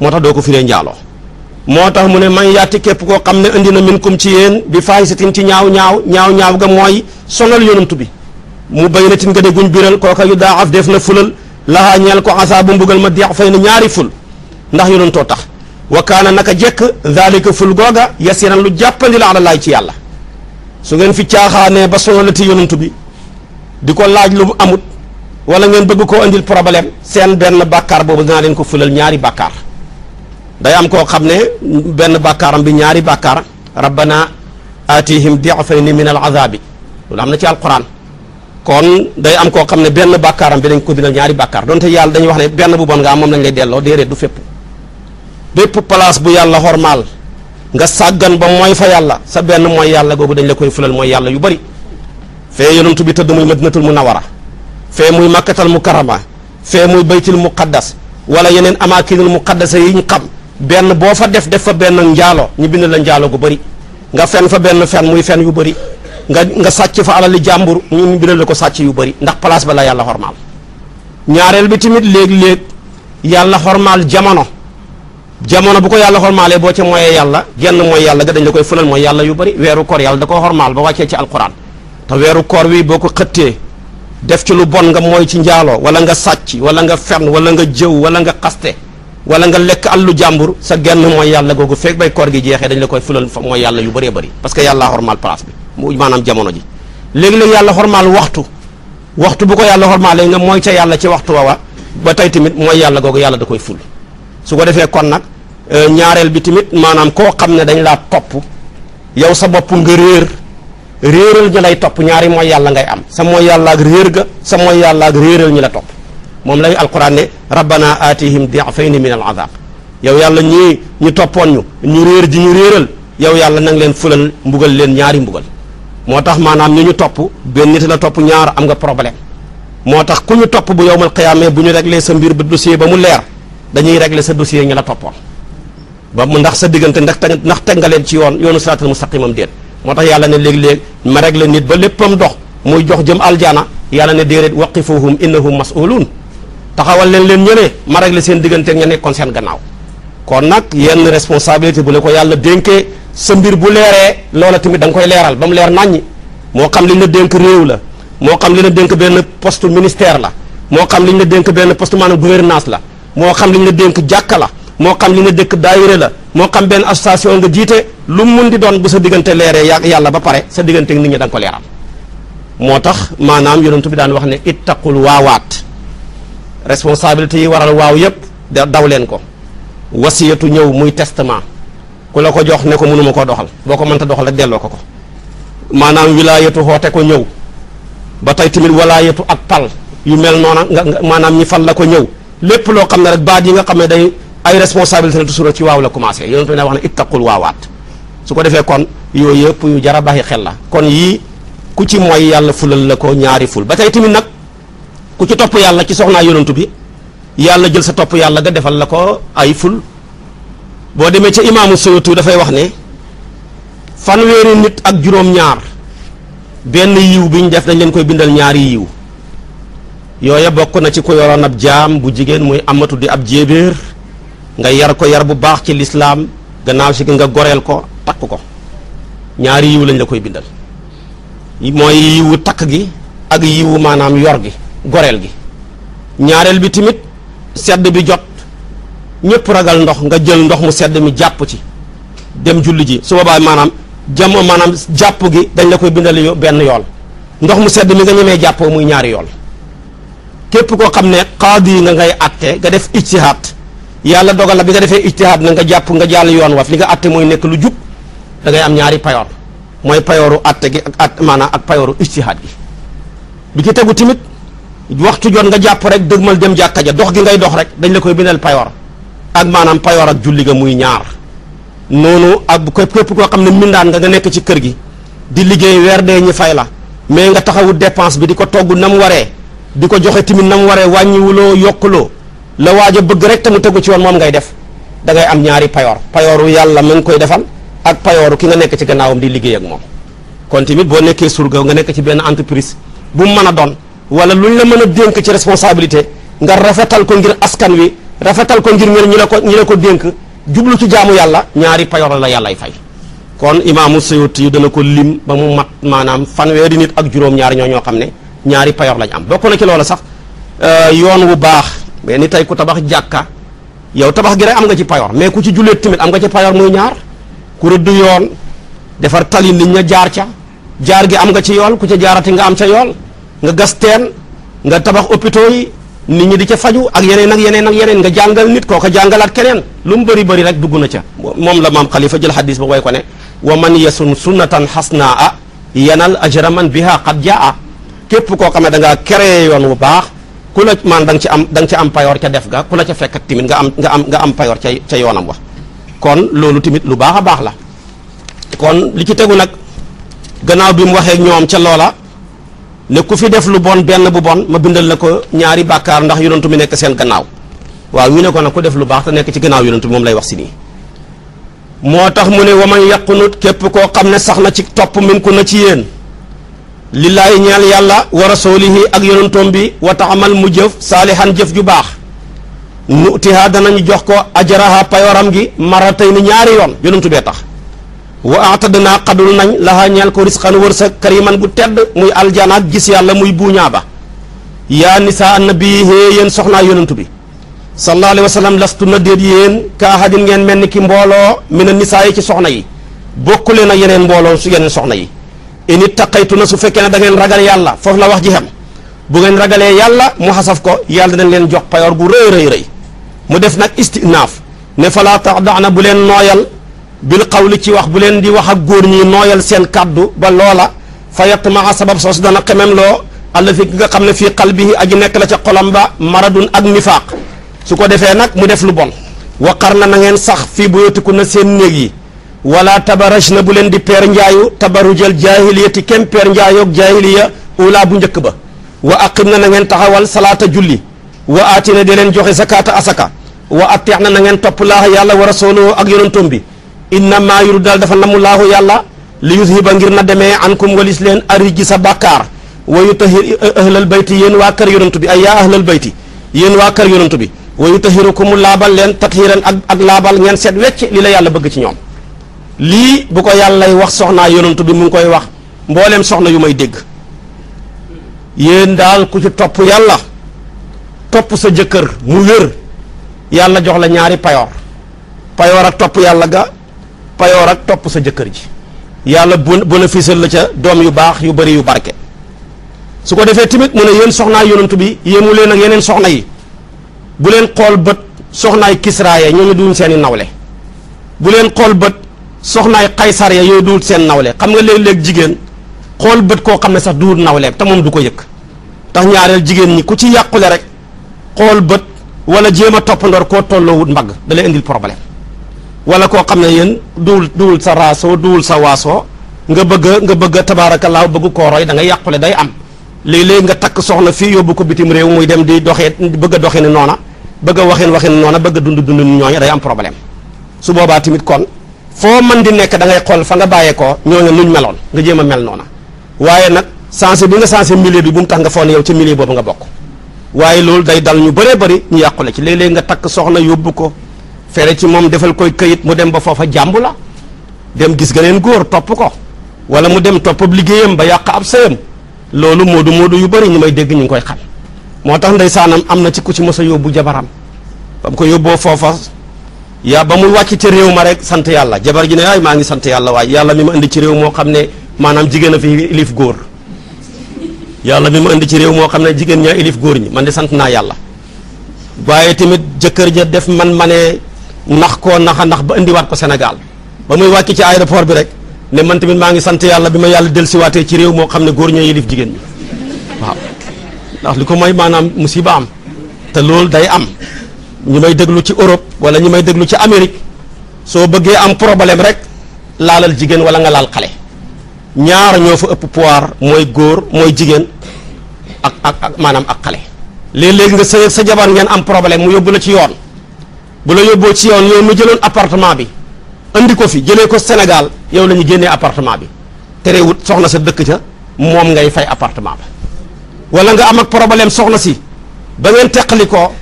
moo tax doo ko firee njaaloo moo tax mu ne man yaati képp koo xam ne indi na minkum ci yéen bi faahisatin ci ñaaw ñaaw ñaaw ñaaw ga mooy sonal yonantu bi mu bay na tin nga de guñ biral kooka yu daa af def na fulal lahaa ñeel ko asaa bu mbugal ma deex fay na ñaari ful ndax yonantoo tax wa kaana naka jekk daalika ful googa yasiran lu jàppandi la ala laay ci yàlla su ngeen fi caaxaanee ba sonalati yonantu bi di ko laaj lu mu amut wala ngeen bëgg koo indil problème seen benn bàkkaar boobu dinaa leen ko fulal ñaari bàkkaar day am koo xam ne benn bàkkaaram bi ñaari bàkkaar rabbana atihim di'fayni min al azabi loolu am na ci al alquran kon day am koo xam ne benn bàkkaaram bi dañ ko bindal ñaari bàkkaar donte yàlla dañuy wax ne benn bu bon nga am moom lañ lay delloo déedéet du fépp bépp place bu yàlla xormaal nga sàggan ba mooy fa yàlla sa benn mooy yàlla googu dañ la koy fulal mooy yàlla yu bari fee yonent bi tëdd muy madinatul munawara fee muy makkatal mukarrama fee muy baytil muqaddas wala yeneen amaakinul muqaddasa yi ñu xam benn boo fa def def fa benn njaalo ñu bind la njaalo gu bari nga fen fa benn fen muy fen yu bari nga nga sàcc fa alali jàmbur ñu bind la ko sàcc yu bari ndax place ba la yàlla xormaal ñaareel bi tamit léeg-léeg yàlla xormaal jamono jamono bu ko yàlla xormaalee boo ca mooyee yàlla genn mooy yàlla ga dañ la koy fulal mooy yàlla yu bari weeru koor yàlla da koo xormaal ba wàccee ci alquran te weeru koor wi boo ko xëttee def ci lu bon nga mooy ci njaaloo wala nga sàcc wala nga fen wala nga jëw wala nga xaste wala nga lekk àllu jàmbur sa genn mooy yàlla googu fekk bay koor gi jeexee dañ la koy fulal fa mooy yàlla yu bëree bëri parce que yàlla xormaal place bi mu maanaam jamono ji léegi-léegi yàlla xormaal waxtu waxtu bu ko yàlla xormaalee nga mooy ca yàlla ci waxtu wawa ba tey tamit mooy yàlla googu yàlla da koy ful su ko defee kon nag euh, ñaareel bi tamit maanaam koo xam ne dañ laa topp yow sa bopp nga réer réeral ñu lay topp ñaari mooy yàlla ngay am sa mooy yàlla ak réer ga sa mooy yàlla réeral ñu la topp moom lay alquran ne rabbana aatihim diafayni min al azab yow yàlla ñii ñu toppoon ñu ñu réer ji ñu réeral yow yàlla nang leen fulal mbugal leen ñaari mbugal moo tax maanaam ñu ñu topp benn nit la topp ñaar am nga problème moo tax ku ñu topp bu yowmal qiyaama bu ñu réglé sa mbir ba dossier ba mu leer dañuy réglé sa dossier ñu la toppoon ba mu ndax sa diggante ndax ndax teg nga leen ci yoon yoonu siraatal mustaqimam déet moo tax yàlla ne léegi-léeg ma réglé nit ba léppam dox muy jox jëm aljana yàlla ne déedéet waqifuhum innahum mas'uluun taxawal leen leen ñële ma la seen digganteeg ña nekkoon seen gannaaw kon nag yenn responsabilité bu la ko yàlla dénkee sa mbir bu leeree loola tamit danga koy leeral ba mu leer naññi moo xam li ñu dénk réew la moo xam li ñu dénk benn poste ministère la moo xam li ñu la dénk benn poste maanaam gouvernance la moo xam li ñu dénk jàkka la moo xam li ñu la dénk daayira la moo xam benn association nga jiite lu mu mun di doon bu sa diggante leeree yàgg yàlla ba pare sa digganteek nit ñi da ko leeral moo tax maanaam yonentu bi daan wax ne ittaqul waawaat responsabilité yi waral waaw yëpp daw leen ko wasiyatu ñëw muy testament ku la ko jox ne ko mënuma koo doxal boo ko mënta doxal rek delloo ko ko maanaam wilaayatu xoote ko ñëw ba tey tamit walaayatu ak pal yu mel noona nga maanaam ñi fal la ko ñëw lépp loo xam ne rek baat yi nga xam ne day ay responsabilité la toujours ci waaw la commencé yonent bi ne wax ne ittaqul waawaat su ko defee kon yooyu yëpp yu jar a bàyyi xel la kon yii ku ci mooy yàlla fulal la ko ñaari ful ba tey tamit nag ku ci topp yàlla ci soxnaa yonantu bi yàlla jël sa topp yàlla nga defal la ko ay ful boo demee ca imaamu Suyuti dafay wax ne fanweeri nit ak juróom benn yiw bi ñu def dañ koy bindal ñaari yiw yooya bokk na ci ku yoroon ab jaam bu jigéen muy amatu di ab jéebéer nga yar ko yar bu baax ci lislaam gannaaw si nga goreel ko takk ko ñaari yiw lañ la koy bindal mooy yiwu takk gi ak yiwu maanaam yor gi goreel gi ñaareel bi tamit sedd bi jot ñëpp ragal ndox nga jël ndox mu sedd mi jàpp ci dem julli ji su boobaa maanaam jam maanaam jàpp gi dañ la koy bindal benn yool ndox mu sedd mi nga ñemee jàppoo muy ñaari yoon képp koo xam ne qaadi nga ngay atte nga def ijtihaad yàlla dogal la bi nga defee ijtihaad na nga jàpp nga jàll yoon waf li nga atte mooy nekk lu jub da ngay am ñaari payoor mooy payooru atte gi ak at maanaam ak payooru ijtihaad gi bi ci tegu waxtu jot nga jàpp rek dëgmal dem jàkka ja dox gi ngay dox rek dañ la koy bindal payoor ak maanaam payoor ak julli ga muy ñaar noonu ak képp koo xam ne mindaan nga nga nekk ci kër gi di liggéey weer dee ñi fay la mais nga taxawul dépense bi di ko togg nam waree di ko joxe tamit nam waree wàññiwuloo yokkuloo la waaj a bëgg rek te mu tegu ci woon moom ngay def da am ñaari payoor payooru yàlla ma ngi koy defal ak payooru ki nga nekk ci gannaawam di liggéey ak moom kon boo nekkee surga nga nekk ci benn entreprise bu mu mën a doon wala luñ la mën a dénk ci responsabilité nga rafetal ko ngir askan wi rafetal ko ngir ñu la ko ñi ko dénk jublu ci jaamu yàlla ñaari payor la yàlla yàllay fay kon imaamu Suyuti yu dana ko lim ba mu mat maanaam fanweeri nit ak juróom-ñaar ñoo ñoo xam ne ñaari payor lañ am bokk na ci loola sax euh, yoon wu baax mais ni tey ku tabax jàkka yow tabax gi rek am nga ci payor mais ku ci julleet tamit am nga ci payor muy ñaar ku rëdd yoon defar tali nit ña jaar ca jaar gi am nga ci yool ku ca jaarati nga am ca yool nga gas teen nga tabax hôpitaux yi nit ñi di ca faju ak yeneen ak yeneen ak yeneen nga jàngal nit kooka jàngalaat keneen lu mu bëri bëri rek dugg na ca moom la maam xalifa jël xadis ba way ko ne wa man yasun sunnatan xasnaa yanal ajra man biha qad jaa képp koo xam ne da ngaa yoon wu baax ku la maan da nga ci am da ci am payoor ca def ga ku la ca fekkat timit nga am nga am nga am payoor ca ca yoonam wax kon loolu tamit lu baax a baax la kon li ci tegu nag gannaaw bi mu waxee ñoom ca loola ne ku fi def lu bon benn bu bon ma bindal na ko ñaari bàkkaar ndax yonantu mi nekk seen gannaaw waaw ñu ne ko nag ku def lu baax te nekk ci gannaaw yonantu moom lay wax si nii moo tax mu ne wa man yaqunut képp koo xam ne sax na ci topp min ku na ci yéen lillaahi ñeel yàlla wa rasulihi ak yonantoom bi wa taamal mu jëf saalihan jëf ju baax nutihaa danañu jox ko ajaraha payoram gi maratay ni ñaari yoon yonantu bee tax wa atadna xadul nañ lahaa ñeel ko risqan wërsëg kariman bu tedd muy aljana gis yàlla muy buuñaa ba yaa nisaa annabii hee yéen soxnaa yonantu bi sallallahu alayhi wa sallam lastu na déet yéen ka ngeen mel ni ki mbooloo mina nisaa yi ci soxna yi bokku leen ak yeneen mbooloo su yeneen soxna yi in ittaqaytu na su fekkee ne da ngeen ragal yàlla foofu la wax ji xam bu ngeen ragalee yàlla mu xasaf ko yàlla dinañ leen jox payoor bu rëy rëy rëy mu def nag istinaaf ne falaa taxdaana bu leen nooyal bil xawli ci wax bu leen di wax ak góor ñi nooyal seen kàddu ba loola fa yatmaa sabab soos dana xemem loo àll fi nga xam ne fii qalbihi aji nekk la ca xolam ba maradun ak nifaaq su ko defee nag mu def lu bon waqar na na ngeen sax fii buyootiku na seen néeg yi wala tabaraj na bu leen di peer njaayu tabarujal jaahiliyati kem peer njaayoog jaahiliya ulaa bu njëkk ba wa aqim na na ngeen taxawal salaata julli wa aati deleen di leen joxe zakaata asaka wa atteex na na ngeen topp laax yàlla wa rasuuluhu ak yonantoom bi inna maa yuru dal dafa namu laahu yàlla li yuzhiba ngir na demee ankum walis leen ariji sa bàkkaar wa yutahir eh, eh, ahlal bayti yéen waa kër yonantu bi ay yaa ahlal bayti yéen waa kër yonantu bi wa yutahirukum laabal leen tathiran ak ak laabal ngeen seet wecc li la yàlla bëgg ci ñoom lii bu ko yàllay wax soxnaa yonantu bi mu ngi koy wax mbooleem soxna yu may dégg yéen daal ku ci topp yàlla topp sa jëkkër mu wér yàlla jox la ñaari payoor payoor ak topp yàlla ga payoor ak topp sa jëkkër ji yàlla bu bénéfice la ca doom yu baax yu bari yu barke su ko defee tamit mu ne yéen soxnaa yonantu bi yéemu leen ak yeneen soxna yi bu leen xool bët soxnaay kisraa ya ñooñu duñ seeni nawle bu leen xool bët soxnaay xaysar ya yooyu duwut seen nawle xam nga léeg-léeg jigéen xool bët koo xam ne sax duwut nawle te moom du ko yëkk tax ñaareel jigéen ñi ku ci yàqule rek xool bët wala jéem a toppandoor koo tolloowut mbagg da lay indil problème wala koo xam ne yéen duwul duwul sa raasoo duwul sa waasoo nga bëgg nga bëgg a tabaarakallaaw bëgg koo roy da nga yàqule day am léeg-léeg nga takk soxna fii yóbbu ko bitim réew muy dem di doxee bëgg a doxee ne noona bëgg a waxeen waxeen noona bëgg a dund dund ñooña day am problème su boobaa tamit kon foo mën di nekk da ngay xool fa nga bàyyeekoo ñooña nuñ meloon nga jéem a mel noona waaye nag sensé bi nga sensé milieu bi bu mu tax nga foog ne yow ci milieu boobu nga bokk waaye loolu day dal ñu bëree bëri ñu yàqule ci léeg nga takk soxna yóbbu ko fere ci moom defal koy kayit mu dem ba foofa jàmbu la dem gis geneen góor topp ko wala mu dem toppab liggéeyam ba yàq ab sëyam loolu moodu moodu yu bari ñu may dégg ñu ngi koy xam moo tax saanam am na ci ku ci mos yóbbu jabaram ba mu ko yóbboo foofa yaa ba mu wàcc ci réew ma rek sant yàlla jabar ji ne yaay maa ngi sant yàlla waaye yàlla mi ma indi ci réew moo xam ne maanaam jigéen fi ilif góor yàlla mi ma indi ci réew moo xam ne jigéen ñaa ilif góor ñi man de sant naa yàlla waaye tamit jëkkër ja def man ma ndax koo naxa ndax ba indiwaat ko Sénégal ba muy wàcc ci aéroport bi rek ne man tamit maa ngi sant yàlla bi ma yàlla dellusiwaatee ci réew moo xam ne góor ñoo yilif jigéen ñi waaw ndax li ko mooy maanaam musiba am te loolu day am ñi may déglu ci Europe wala ñi may déglu ci Amérique soo bëggee am problème rek laalal jigéen wala nga laal xale ñaar ñoo fa ëpp pouvoir mooy góor mooy jigéen ak ak ak maanaam ak xale léeg-léeg nga sëy sa jabar ngeen am problème mu yóbbu la ci yoon bu la yóbboo ci yoon yow mu jëloon appartement bi andi ko fi jëlee ko Sénégal yow la ñu génnee appartement bi terewut soxna sa dëkk ca moom ngay fay appartement ba wala nga am ak problème soxna si ba ngeen teqali ko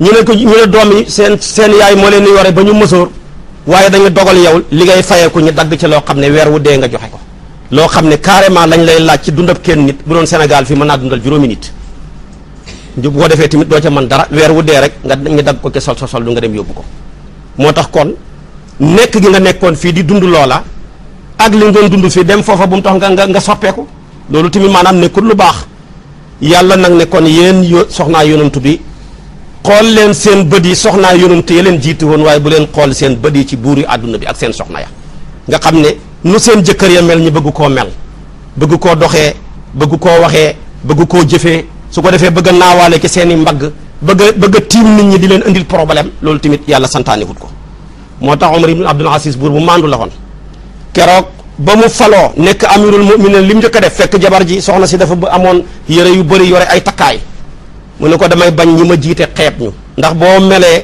ñu ne ko ñu ne doom seen seen yaay moo leen di yore ba ñu mësoor waaye dañu dogal yow li ngay fayeeku ñu dagg ci loo xam ne weer wu dee nga joxe ko loo xam ne carrément lañ lay laaj ci dundab kenn nit bu doon Sénégal fi mën naa dundal juróomi nit bu ko defee tamit doo ca man dara weer wu dee rek nga ñu dagg ko kesal sosal du nga dem yóbbu ko moo tax kon nekk gi nga nekkoon fii di dund loola ak li nga dund fii dem foofa bu mu tax nga nga soppeeku loolu tamit maanaam nekkul lu baax yàlla nag ne kon yéen yo soxnaa yonantu bi xool leen seen bët yi soxnaa yonantu yi leen jiitu woon waaye bu leen xool seen bët yi ci buur yi àdduna bi ak seen soxna ya nga xam ne nu seen jëkkër ya mel ñu bëgg koo mel bëgg koo doxee bëgg koo waxee bëgg koo jëfee su ko defee bëgg a naawaale ci seen i mbagg bëgg bëgg tiim nit ñi di leen indil problème loolu tamit yàlla santaane santaanewut ko moo tax Omar ibn Abdul Aziz buur bu maandu la xoon keroog ba mu faloo nekk amirul muminin li mu njëkk def fekk jabar ji soxna si dafa amoon yëre yu bëri yore ay takkaay mu ne ko damay bañ ñi ma jiite xeeb ñu ndax boo melee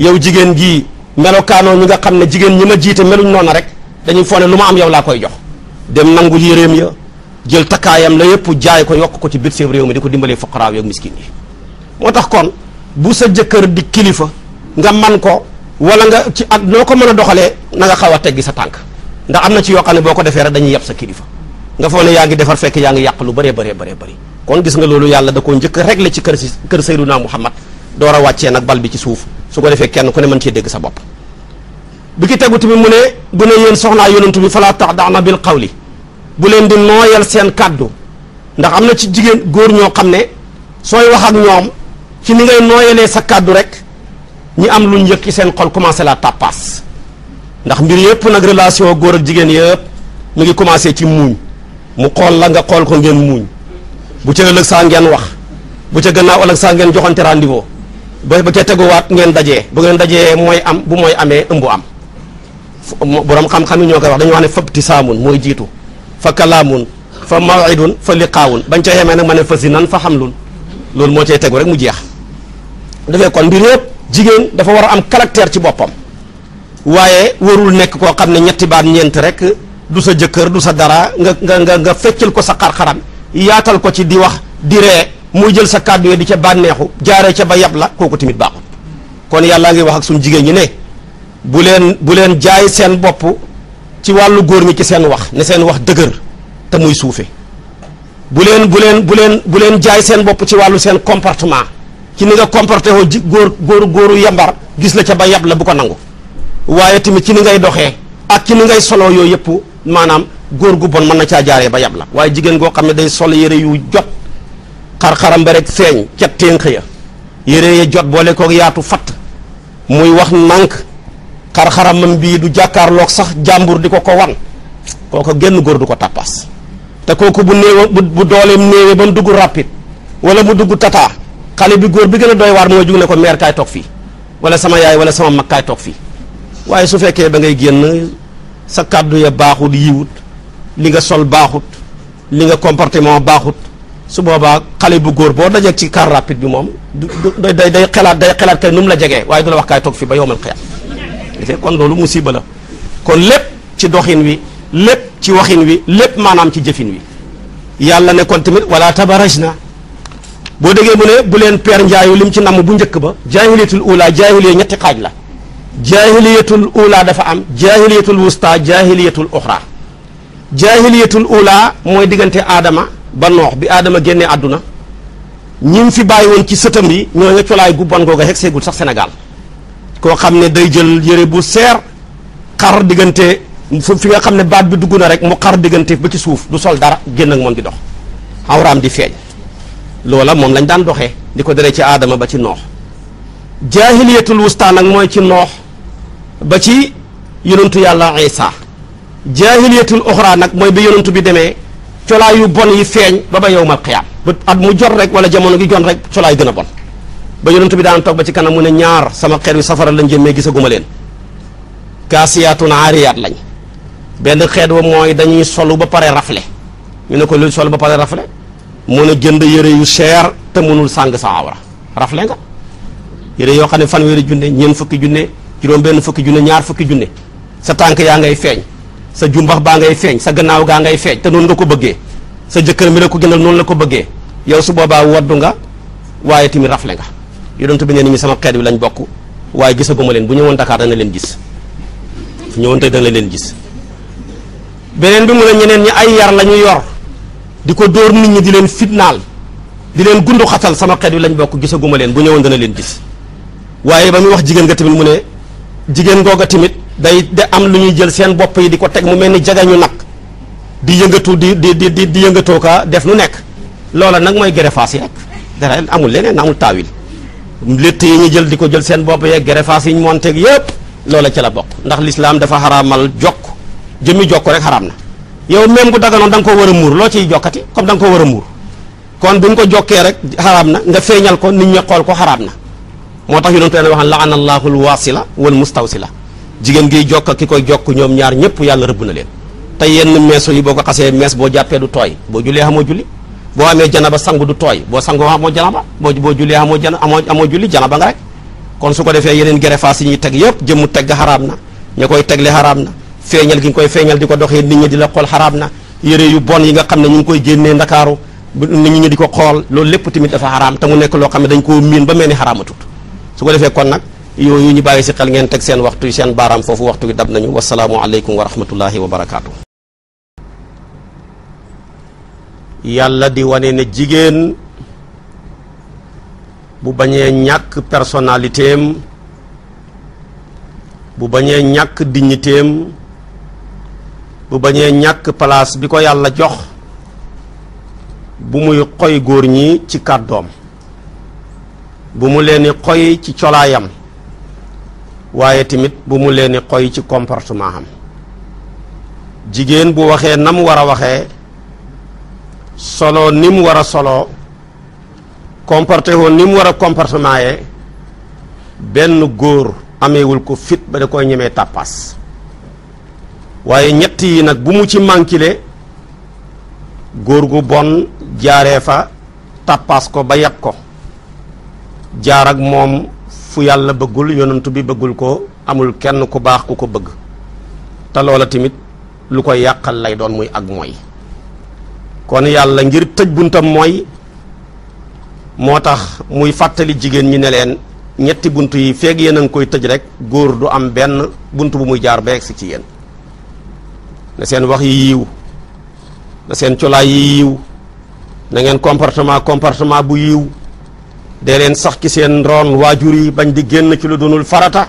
yow jigéen jii melokaanoo ñi nga xam ne jigéen ñi ma jiite meluñ noona rek dañuy foone lu ma am yow laa koy jox dem nangul yëreem ya jël takkaayam la yëpp jaay ko yokk ko ci biir seen réew mi di ko dimbalee fuqaraaw yi ak miskin yi moo tax kon bu sa jëkkër di kilifa nga man ko wala nga ci ak noo ko mën a doxalee nanga nga xaw a teggi sa tànk ndax am na ci yoo xam ne boo ko defee rek dañuy sa kilifa nga foog yaa ngi defar fekk yaa ngi yàq lu bëree bëree bëree kon gis nga loolu yàlla da koo njëkk rek la ci kër si kër Sayyiduna Muhammad door a wàccee nag bal bi ci suuf su ko defee kenn ku ne mën cee dégg sa bopp bi ki tegu tamit mu ne bu ne yéen soxnaa yonantu bi fala taxdaana bil li bu leen di nooyal seen kàddu ndax am na ci jigéen góor ñoo xam ne sooy wax ak ñoom ci ni ngay nooyeelee sa kàddu rek ñi am luñ yëg ci seen xool commencé la tàppaas ndax mbir yëpp nag relation góor ak jigéen yëpp mu ngi commencé ci muuñ mu xool la nga xool ko ngeen muuñ bu ca ëllëg saa ngeen wax bu ca gannaaw ëllëg saa ngeen joxante rendez-vous ba ba ca teguwaat ngeen dajee bu ngeen dajee mooy am bu mooy amee ëmbu am borom xam-xam yi ñoo koy wax dañu wax ne fëbti saamun mooy jiitu fa kalaamun fa mawidun fa liqaawun bañ ca yemee nag ma ne fa si nan fa xam lool loolu moo cay tegu rek mu jeex dafee kon mbir jigéen dafa war a am caractère ci boppam waaye warul nekk koo xam ne ñetti baat ñeent rek du sa jëkkër du sa dara nga nga nga nga ko sa xar-xaram yaatal ko ci di wax di ree muy jël sa kàddu yi di ca bànneexu jaaree ca ba yab la ko tamit baaxul kon yàllaa ngi wax ak suñu jigéen ñi ne bu leen bu leen jaay seen bopp ci wàllu góor ñi ci seen wax ne seen wax dëgër te muy suufe bu leen bu leen bu leen bu leen jaay seen bopp ci wàllu seen comportement ci ni nga comporté woo ji góor góor góoru yambar gis la ca ba yab la bu ko nangu waaye tamit ci ni ngay doxee ak ci ni ngay soloo yooyu yëpp maanaam góor gu bon mën na caa jaaree ba yab la waaye jigéen goo xam ne day sol yére yu jot xar-xaram ba rek feeñ ca ténk ya yére ya jot boole kook yaatu fatt muy wax nànk xar-xaramam bii du jàkkaarloog sax jàmbur di ko ko wan kooko genn góor du ko tappaas te kooku bu néew bu dooleem néewee ba mu wala mu dugg tata xale bi góor bi gën a doy waar mooy jug ne ko meer kaay toog fii wala sama yaay wala sama mag kaay fii waaye su fekkee da ngay génn sa kàddu ya baaxut yiwut li nga sol baaxut li nga comportement baaxut su boobaa xale bu góor boo dajeg ci car rapide bi moom du day day xelaat day xelaat kay nu mu la jege waaye du la wax kaay toog fii ba yowmal xiyaam kon loolu musiba la kon lépp ci doxin wi lépp ci waxin wi lépp maanaam ci jëfin wi yàlla ne kon tamit wala tabaraj na boo déggee mu ne bu leen peer njaayu lim ci namm bu njëkk ba jaahiliyatul ula jaahiliya ñetti xaaj la jaahiliyatul ula dafa am jaahiliyatul wusta jaahiliyatul uxra jaahiliyatul ula mooy diggante aadama ba noox bi aadama génnee àdduna ñi fi bàyyi woon ci sëtam yi ñoo nga colaay gu bon googa heg seegul sax Sénégal koo xam ne day jël yére bu seer xar diggante fi nga xam ne baat bi dugg na rek mu xar diggante ba ci suuf du sol dara génn ak moom di dox awraam di feeñ loola moom lañ daan doxee di ko deree ci aadama ba ci noox jaahiliyatul wusta nag mooy ci noox ba ci yonentu yàlla isa jaahiliyatul uxra nag mooy bi yonentu bi demee colaa yu bon yi feeñ ba ba yowmal xiyaam ba at mu jot rek wala jamono gi jot rek colaa gën a bon ba yonent bi daan toog ba ci kanam mu ne ñaar sama xeet wi safara lañ jëm mais gisaguma leen kaasiyaatun aariyaat lañ benn xeet wa mooy dañuy solu ba pare rafle ñu ne ko lu sol ba pare rafle moo ne jënd yére yu cher te mënul sàng sa awra rafle nga yére yoo xam ne fanweeri junne ñeent fukki junne juróom benn fukki junne ñaar fukki junne sa tànk yaa ngay feeñ sa jumbax baa ngay feeñ sa gannaaw gaa ngay feeñ te noonu nga ko bëggee sa jëkkër mi la ko gënal noonu la ko bëggee yow su boobaa waddu nga waaye tamit rafle nga yonent bi nee nañu sama xeet wi lañ bokk waaye gisaguma leen bu ñëwoon Dakar dana leen gis fu ñëwoon tey dana leen gis beneen bi mu ne ñeneen ñi ay yar la ñu yor di ko dóor nit ñi di leen fitnaal di leen gundu sama xeet wi lañ bokk gisaguma leen bu ñëwoon dana leen gis waaye ba muy wax jigéen nga tamit mu ne jigéen googa tamit day de am lu ñuy jël seen bopp yi di ko teg mu mel ni ñu nag di yëngatu di di di di yëngatoo ka def lu nekk loola nag mooy gerefaas yi amul leneen amul taawil létt yi ñu jël di ko jël seen bopp yeeg gerefaas yi ñu monteeg yëpp loola ca la bokk ndax lislaam dafa xaraamal jokk jëmmi jokk rek xaraam na yow même bu daganoon da nga ko war a muur loo ciy jokkati comme da nga ko war a muur kon ko jokkee rek xaraam na nga feeñal ko nit ñi xool ko xaraam na moo tax yonent ne waxaan laana allahu alwaasila wal mustawsila jigéen giy jokk ak ki koy ñoom ñaar ñëpp yàlla rëbb na leen te yenn meesu yi boo ko xasee mees boo jàppee du tooy boo jullee xamoo julli boo amee janaba sangu du tooy boo sangoo amoo janaba boo boo jullee amoo jana amoo amoo julli janaba nga rek kon su ko defee yeneen gerefaas yi ñuy teg yëpp jëm mu teg xaraam na ña koy tegle xaraam na gi nga koy feeñal di ko doxee nit ñi di xool xaraam na yére yu bon yi nga xam ne ñu ngi koy génnee ndakaaru nit ñi di ko xool loolu lépp tamit dafa xaraam mu nekk loo xam ne dañ koo miin ba mel ni xaraamatut su ko defee kon nag yooyu ñu bàyyi si xel ngeen teg seen waxtu seen baaraam foofu waxtu wi dab nañu wasalaamu aleykum wa rahmatullahi wa yàlla di wane ne jigéen bu bañee ñàkk personnalitéem bu bañee ñàkk dignitéem bu bañee ñàkk palaas bi ko yàlla jox bu muy xoy góor ñi ci kàddoom bu mu leen di xoy ci colaayam waaye tamit bu mu leen xoy ci comportement am jigéen bu waxee nam war a waxee solo ni mu war a soloo comporté woo ni mu war a comportement yee benn góor ameewul ko fit ba da koy ñemee tàppaas waaye ñett yi nag bu mu ci mànkile góor gu bon jaaree fa tàppaas ko ba yàpp ko jaar ak moom fu yàlla bëggul yonantu bi bëggul ko amul kenn ku baax ku ko bëgg te loola tamit lu koy yàqal lay doon muy ak mooy kon yàlla ngir tëj buntam mooy moo tax muy fàttali jigéen ñi ne leen ñetti bunt yi feeg yéen a koy tëj rek góor du am benn bunt bu muy jaar beeg si ci yéen na seen wax yi yiw na seen colaay yi yiw ngeen comportement comportement bu yiw dee leen sax ci seen roon waajur yi bañ di génn ci lu dunul farata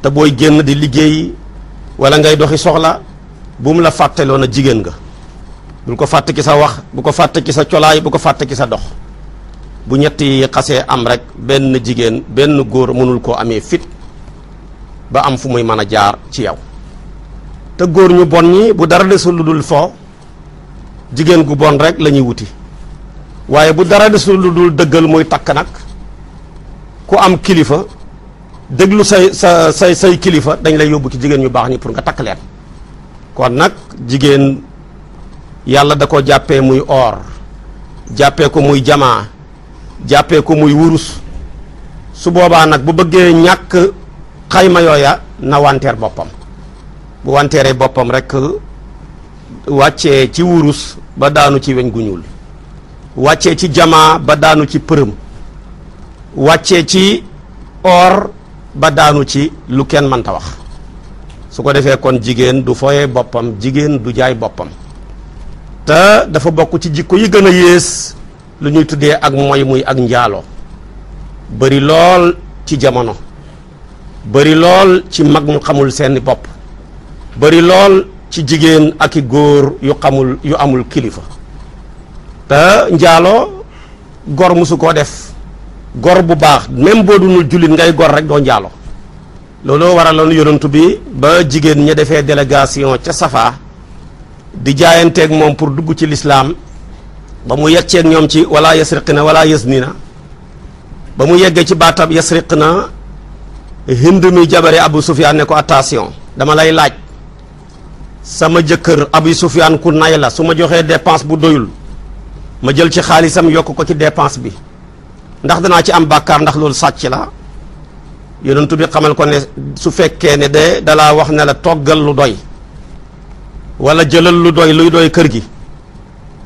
te booy génn di liggéey wala ngay doxi soxla bu mu la fàtteloon a jigéen nga bul ko fàtte ci sa wax bu ko fàtte ci sa colaay bu ko fàtte ci sa dox bu ñetti xasee am rek benn jigéen benn góor mënul koo amee fit ba am fu muy mën a jaar ci yow te góor ñu bon ñi bu dara desul lu dul fo jigéen gu bon rek lañuy wuti waaye bu dara desul lu dul dëggal muy takk nag ku am kilifa déglu say sa say say kilifa dañ lay yóbbu ci jigéen ñu baax ñi pour nga takk leen kon nag jigéen yàlla da ko jàppe muy or jàppee ko muy jamaa jàppee ko muy wurus su boobaa nag bu bëggee ñàkk xayma yooya na wanteer boppam bu wanteeree boppam rek wàcce ci wurus ba daanu ci weñ gu ñuul wàccee ci jamaa ba daanu ci përëm wàccee ci or ba daanu ci lu kenn mënta wax su ko defee kon jigéen du foye boppam jigéen du jaay boppam te dafa bokk ci jikko yi gën a yées lu ñuy tuddee ak moy muy ak njaalo bari lool ci jamono bari lool ci mag ñu xamul seeni bopp bari lool ci jigéen ak i góor yu xamul yu amul kilifa te njaaloo gor musu koo def gor bu baax même boo dunul jullit ngay gor rek doo njaalo njaaloo waral waraloon yonantu bi ba jigéen ña defee délégation ca Safa di jaayanteeg moom pour dugg ci lislaam ba mu yegg ceeg ñoom ci wala yasriq na wala yasni na ba mu yeggee ci baatab yasriq na hind mi jabare abu sufyaan ne ko attention dama lay laaj sama jëkkër abu sufyaan ku nay la su ma joxee dépense bu doyul ma jël ci xaalisam yokk ko ci dépense bi ndax danaa ci am bàkkaar ndax loolu sàcc la yonentu bi xamal ko ne su fekkee ne de dalaa wax ne la toggal lu doy wala jëlal lu doy luy doy kër gi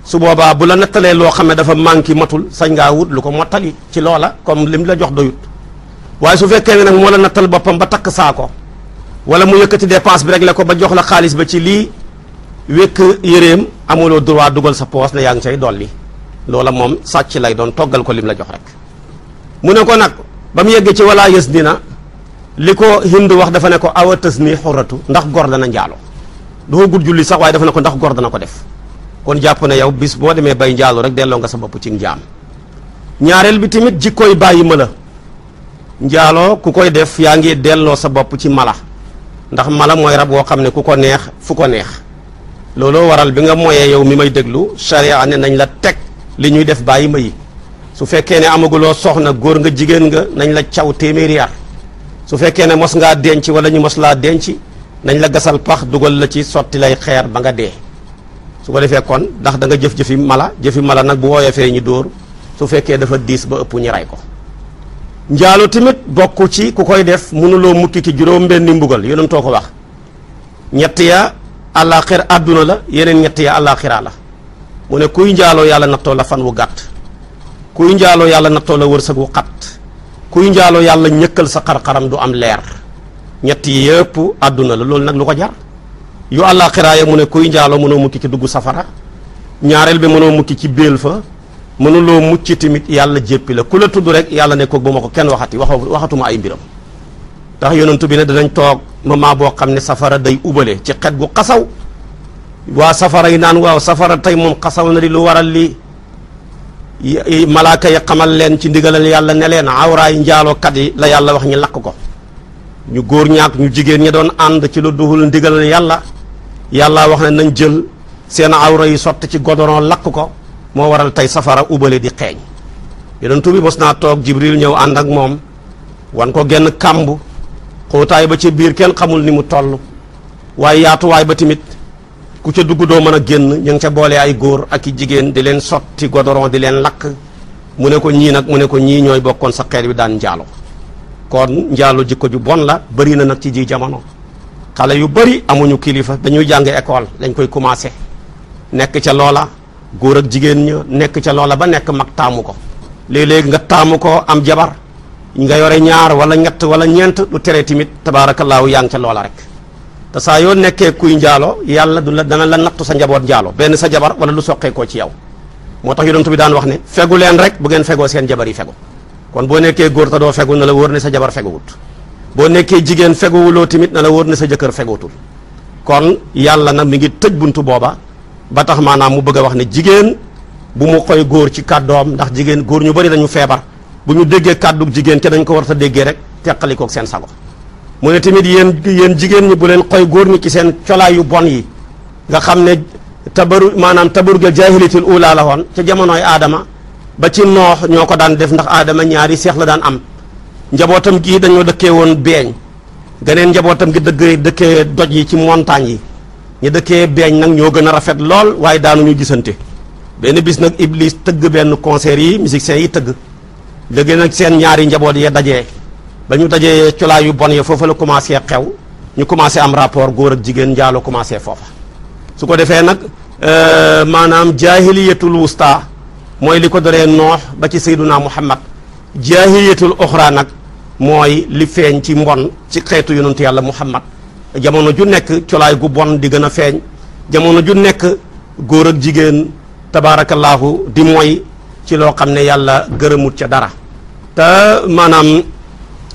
su boobaa bu la nattalee loo xam ne dafa manqué matul sañ ngaa wut lu ko mottali ci loola comme lim la jox doyut waaye su fekkee ne nag moo la nattal boppam ba takk saako wala mu yëkkati dépense bi rek la ko ba jox la xaalis ba ci lii wékk yëreem amuloo droit dugal sa poos ne yaa ngi cay dolli loola moom sàcc lay doon toggal ko lim la jox rek. mu ne ko nag ba mu yeggee ci walaa yës dina li ko hindu wax dafa ne ko awa tës nii ndax gor dana njaalo. doo gudd julli sax waaye dafa na ko ndax gor dana ko def kon jàpp na yow bis boo demee bay njaalu rek delloo nga sa bopp ci njaam ñaareel bi tamit jikkooy bàyyi ma la njaaloo ku koy def yaa ngi delloo sa bopp ci mala ndax mala mooy rab woo xam ne ku ko neex fu ko neex looloo waral bi nga moyee yow mi may déglu charia ne nañ la teg li ñuy def bàyyi ma yi su fekkee ne amaguloo soxna góor nga jigéen nga nañ la caw téeméeri yar su fekkee ne mos ngaa denc wala ñu mos denc nañ la gasal pax dugal la ci sotti lay xeer ba nga dee su ko defee kon ndax da nga jëf jëfi mala jëfi mala nag bu woyofee ñu dóor su fekkee dafa diis ba ëpp ñu ko njaaloo tamit bokk ci ku koy def mënuloo mukki ki juróom benni mbugal yonum too ko wax ñett ya àllaaxira àdduna la yeneen ñetti ya àllaaxira la mu ne kuy njaaloo yàlla nattoo la fan wu gàtt kuy njaaloo yàlla nattoo la wërsëg wu xat kuy njaaloo yàlla ñëkkal sa xarxaram du am leer ñett yëpp àdduna la loolu nag lu ko jar yu àllaaxiraa ya mu ne kuy njaalo mënoo mucc ci dugg safara ñaareel bi mënoo mukki ci béel fa mënuloo mucc tamit yàlla jéppi la ku la tudd rek yàlla ne ko bu ma ko kenn waxati wax waxatuma ay mbiram ndax yonentu bi ne danañ toog moment boo xam ne safara day ubale ci xet gu xasaw waa safara yi naan waaw safara tey moom xasaw na di lu waral li malaaka yi xamal leen ci ndigalal yàlla ne leen awraay njaalokat yi la yàlla wax ñi lakk ko ñu góor ñaak ñu jigéen ñi doon ànd ci lu duhul ndigal yàlla yàlla wax ne nañ jël seen awra yi sotti ci godoron lakk ko moo waral tey safara ubale di xeeñ yonentu bi mos naa toog jibril ñëw ànd ak moom wan ko genn kàmb xootaay ba ci biir kenn xamul ni mu toll waaye yaatuwaay ba tamit ku ca dugg doo mën a génn ñu ngi ca boole ay góor ak i jigéen di leen sotti godoron di leen lakk mu ne ko ñii nag mu ne ko ñii ñooy bokkoon sa xeet bi daan njaalo kon njaalo jikko ju bon la bari na nag ci ji jamono xale yu bëri amuñu kilifa dañuy jàng ekool lañ koy commencé nekk ca loola góor ak jigéen ña nekk ca loola ba nekk mag taamu ko léeg léegi nga taamu ko am jabar nga yore ñaar wala ñett wala ñeent lu tere tamit tabaarakallaahu yaa ngi ca loola rek te saa yoo nekkee kuy njaalo yàlla du la dana la nattu sa njaboot njaalo benn sa jabar wala lu soqeekoo ci yow moo tax yonent bi daan wax ne fegu leen re bu ngeen fegoo seen jabar yi fegu kon boo nekkee góor te doo fegu na la wóor ne sa jabar feguwut boo nekkee jigéen feguwuloo tamit na la wóor ne sa jëkkër feguwutul kon yàlla nag mi ngi tëj buntu booba ba tax maanaam mu bëgg a wax ne jigéen bu mu koy góor ci kàddoom ndax jigéen góor ñu bari dañu feebar bu ñu déggee kàddu jigéen te dañ ko war sa déggee rek teqalikoog seen sago mu ne tamit yéen yéen jigéen ñi bu leen koy góor ñi ci seen colaay yu bon yi nga xam ne tabaru maanaam tabaru ga jaahiliyatul uulaa la woon ca jamonoy aadama ba ci noox ñoo ko daan def ndax aadama ñaari seex la daan am njabootam gi dañoo dëkkee woon beeñ geneen njabootam gi dëggee dëkkee doj yi ci montagne yi ñu dëkkee beeñ nag ñoo gën a rafet lool waaye ñu gisante benn bis nag Iblis tëgg benn concert yi musiciens yi tëgg léegi nag seen ñaari njaboot yee dajee ba ñu dajee colaa yu bon ya foofu la commencé xew ñu commencé am rapport góor ak jigéen njaaloo commencé foofa su ko defee nag euh, maanaam jaahiliyatul wusta mooy li ko doree noox ba ci sayduna muhammad jaahiyatul oxra nag mooy li feeñ ci mbon ci xeetu yonentu yàlla muhammad jamono ju nekk colaay gu bon di gën a feeñ jamono ju nekk góor ak jigéen tabaarakallaahu di mooy ci loo xam ne yàlla gërëmut ca dara te maanaam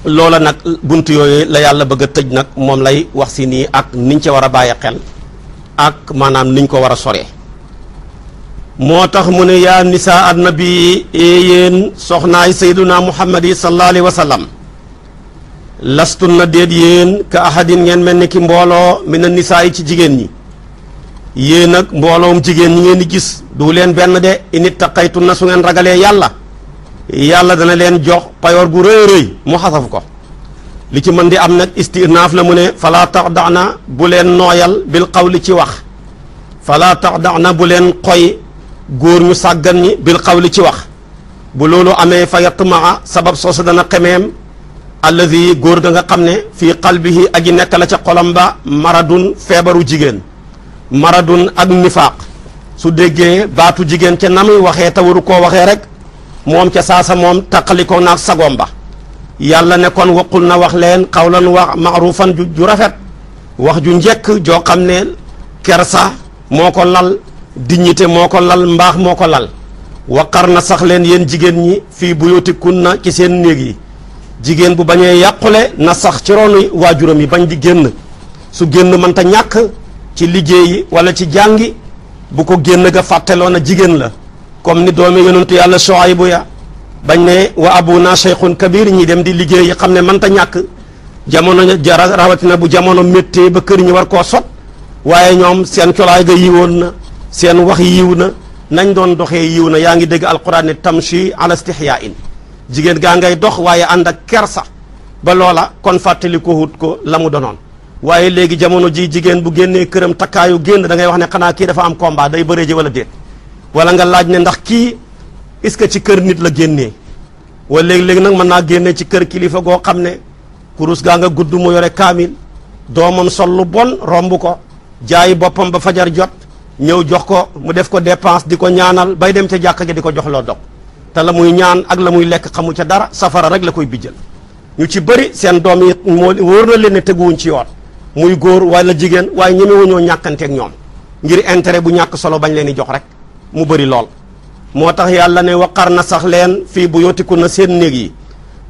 loola nag bunt yooyu la yàlla bëgg a tëj nag moom lay wax si nii ak niñ ca war a bàyyi xel ak maanaam niñ ko war a soree moo tax mu ne yaa nisaa annabi yéen soxnaay sayduna muhammad yi sallallahu alayhi wa sallam lastun na déet yéen ka ngeen mel ni ki mbooloo mi na nisaa yi ci jigéen ñi yéen ak mbooloom jigéen ñi ngeen di gis du leen benn de init taqaytu na su ngeen ragalee yàlla yàlla dana leen jox payoor gu rëy rëy mu xasaf ko li ci mën di am nag istinaaf la mu ne falaa tax dax na bu leen nooyal bil li ci wax falaa tax dax na bu leen xoy góor ñu sàggan ñi bil xawli ci wax bu loolu amee fa yatmaa sabab soosu dana xemeem alladi góor da nga xam ne fii qalbihi aji nekk la ca xolam ba maradun feebaru jigéen maradun ak nifaaq su déggee baatu jigéen ca na muy waxee te koo waxee rek moom ca saasa moom taqalikoo naag sagoom ba yàlla ne kon waqul na wax leen xawlan wax maarufan ju rafet wax ju njëkk joo xam ne kersa moo ko lal dignité moo ko lal mbaax moo ko lal waqar na sax leen yéen jigéen ñi fii bu na ci seen néeg yi jigéen bu bañee yàqule na sax ci waa waajuram yi bañ di génn su génn mënta ñàkk ci liggéeyi wala ci jàngi bu ko génn ga fàtteloon a jigéen la comme ni doomi yonentu yàlla Shuaybu ya bañ ne wa abuna shaykhun kabir ñi dem di liggéey yi xam ne mënta ñàkk jamono rawatina bu jamono méttee ba kër ñi war koo sot waaye ñoom seen colaay ga na seen wax yiw na nañ doon doxee yiw na yaa ngi dégg alquran ne tamshi ala in jigéen gaa ngay dox waaye ànd ak kersa ba loola kon fàttali ko wut ko la mu donoon waaye léegi jamono ji jigéen bu génnee këram takkaayu génn da ngay wax ne xanaa kii dafa am combat day bëree ji wala déet wala nga laaj ne ndax kii est-ce que ci kër nit la génnee wa léegi-léegi nag mën naa génne ci kër kilifa goo xam ne kurus gaa nga gudd mu yore kaamil doomam sol lu bon romb ko jaayi boppam ba fajar jot ñëw jox ko mu def ko dépense di ko ñaanal bay dem ca jàkka ja di ko jox loo dog te la muy ñaan ak la muy lekk xamu ca dara safara rek la koy bijjal ñu ci bëri seen doom yi moo wóor na leen ne teguwuñ ci yoon muy góor wala jigéen waaye ñemewuñoo ñàkkanteeg ñoom ngir intérêt bu ñàkk solo bañ leen di jox rek mu bëri lool moo tax yàlla ne waqar na sax leen fii bu yootiku na seen néeg yi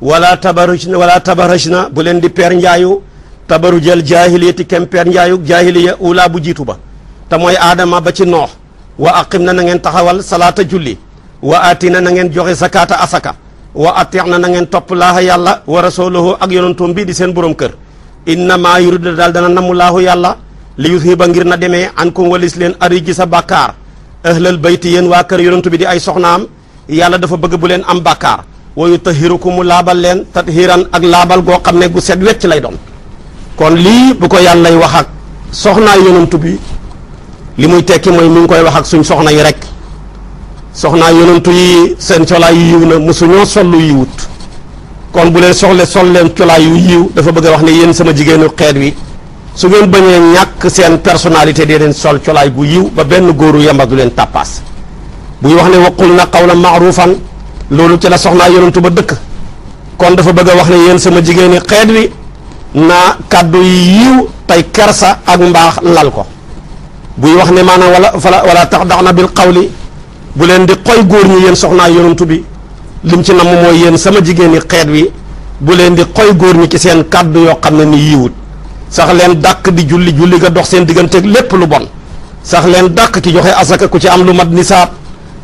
wala tabaruj na wala tabaraj na bu leen di per njaayu tabarujal jaahiliyati kem peer njaayu jaahiliya ulaa bu jiitu ba te aadama ba ci noox wa aqim na na ngeen taxawal salaata julli wa aati na na ngeen joxe zakaata asaka wa atix na na ngeen topp laaha yàlla wa rasulahu ak yonantoom bii di seen borom kër innama yuridu daal dana namu laahu yàlla li yuthiba ngir na demee ankum walis leen ariji sa bàkkaar ahlal bayti yéen waa kër yonantu bi di ay soxnaam yàlla dafa bëgg bu leen am bàkkaar wa yutahirukum mu laabal leen tathiran ak laabal goo xam ne gu set wecc lay doon kon lii bu ko yàllay wax ak soxnaa li muy tekki mooy mi ngi koy wax ak suñ soxna yi rek soxnaa yonantu yi seen colaay yu yiw na mosuñoo sol lu yiwut kon bu leen soxle sol leen colaay yu yiw dafa bëgg a wax ne yéen sama jigéenu xeet wi su ngeen bañee ñàkk seen personnalité dee leen sol colaay gu yiw ba benn góoru yamba du leen tàppaas buy wax ne waqul na qawlan ma'rufan loolu ci la soxnaa yonantu ba dëkk kon dafa bëgg wax ne yéen sama jigéeni xeet wi na kàddu yi yiw tey kersa ak mbaax lal ko buy wax ne maanaam wala fala wala tax dax na bil xawli bu leen di xoy góor ñi yéen soxnaa yonantu bi lim ci namm mooy yéen sama jigéen ñi xeet wi bu leen di xoy góor ñi ci seen kàddu yoo xam ne ni yiwut sax leen dàq di julli julli nga dox seen digganteeg lépp lu bon sax leen dàq ci joxe asaka ku ci am lu mat nisaab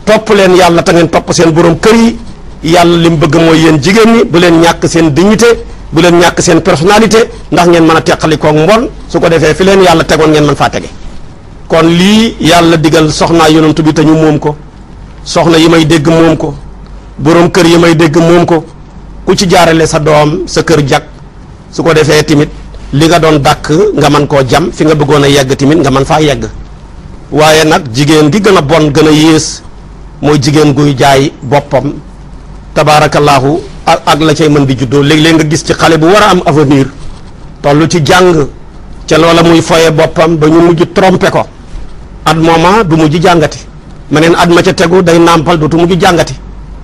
topp leen yàlla ta ngeen topp seen borom kër yi yàlla lim bëgg mooy yéen jigéen ñi bu leen ñàkk seen dignité bu leen ñàkk seen personnalité ndax ngeen mën a teqali koog su ko defee fi leen yàlla tegoon ngeen mën faa tege kon lii yàlla digal soxnaa yonantu bi te ñu moom ko soxna yi may dégg moom ko boroom kër yi may dégg moom ko ku ci jaarale sa doom sa kër jag su ko defee tamit li nga doon dàkk nga mën koo jam fi nga bëggoon a yegg tamit nga mën faa yegg waaye nag jigéen gi gën a bon gën a yées mooy jigéen guy jaay boppam tabaarakallaahu ak la cay mën bi juddoo léeg leen nga gis ci xale bu war a am avenir tollu ci jàng ca loola muy foye boppam ba mujj trompe ko at mooma du mujj jàngati meneen at ma ca tegu day nàmpal dootu mujj jàngati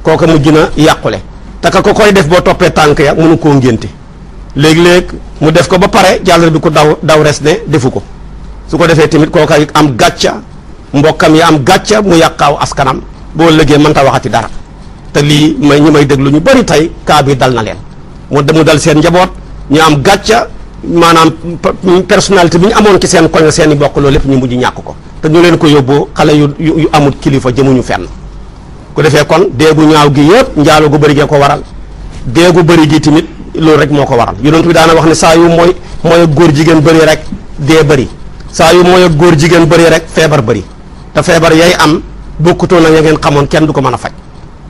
kooka mujj na yàqule te ka ko koy def boo toppee tànk ya mënu koo ngénte léegi-léeg mu def ko ba pare jàllale bi ko daw daw res ne defu ko su ko defee tamit kooka am gàcca mbokkam yi am gàcca mu yàqaaw askanam boo lëgee mënta waxati dara te lii may ñi may déglu ñu bari tey kaabi dal na leen mu mu dal seen njaboot ñu am gàcca maanaam personnalité bi ñu amoon ci seen koñ seen i lépp ñu mujj ñàkk ko te ñu leen ko yóbboo xale yu yu amul kilifa jëmuñu fenn ku defee kon déegu ñaaw gi yëpp njaalo gu bëri gee ko waral déegu bëri gi tamit loolu rek moo ko waral yonent bi daana wax ne saa yu mooy mooy ak góor jigéen bëri rek dee bëri saa yu mooy ak góor jigéen bëri rek feebar bëri te feebar yay am bokkutoo na ya ngeen xamoon kenn du ko mën a faj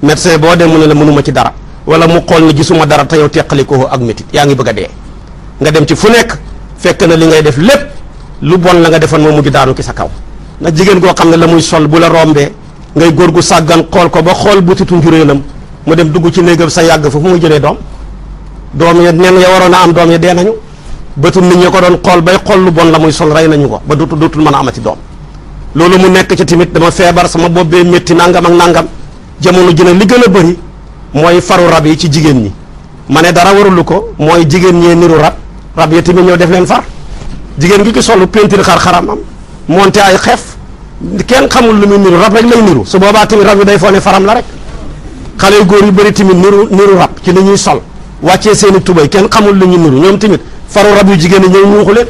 médecin boo dem mu ne la mënuma ci dara wala mu xool ne gisuma dara te yow teqalikoo ak métit yaa ngi bëgg a dee nga dem ci fu nekk fekk na li ngay def lépp lu bon la nga defoon moo mujj daanu ki sa kaw ndax jigéen goo xam ne la muy sol bu la rombee ngay góor gu sàggan xool ko ba xool butitu njuréelam mu dem dugg ci néegam sa yàgg fa fu muy jëlee doom doom ya nen ya waroon a am doom ya dee nañu bëtul nit ñi ko doon xool bay xool lu bon la muy sol rey nañu ko ba dootul dootul mën a amati doom loolu mu nekk ci tamit dama feebar sama bopp bee métti nangam ak nàngam jamono ji nag li gën a bëri mooy faru rab yi ci jigéen ñi ma ne dara warulu ko mooy jigéen ñee niru rab rab ya tamit ñoo def leen far jigéen gi ci solu peinture xar-xaram am moonte ay xef kenn xamul lu muy niru rab rek lay niru su boobaa tamit rab yi day foone faram la rek xale yu góor yu bëri tamit niru niru rab ci la ñuy sol wàccee seeni tubay kenn xamul lu ñu niru ñoom tamit faru rab yu jigéen ñi ñëw ñuuxu leen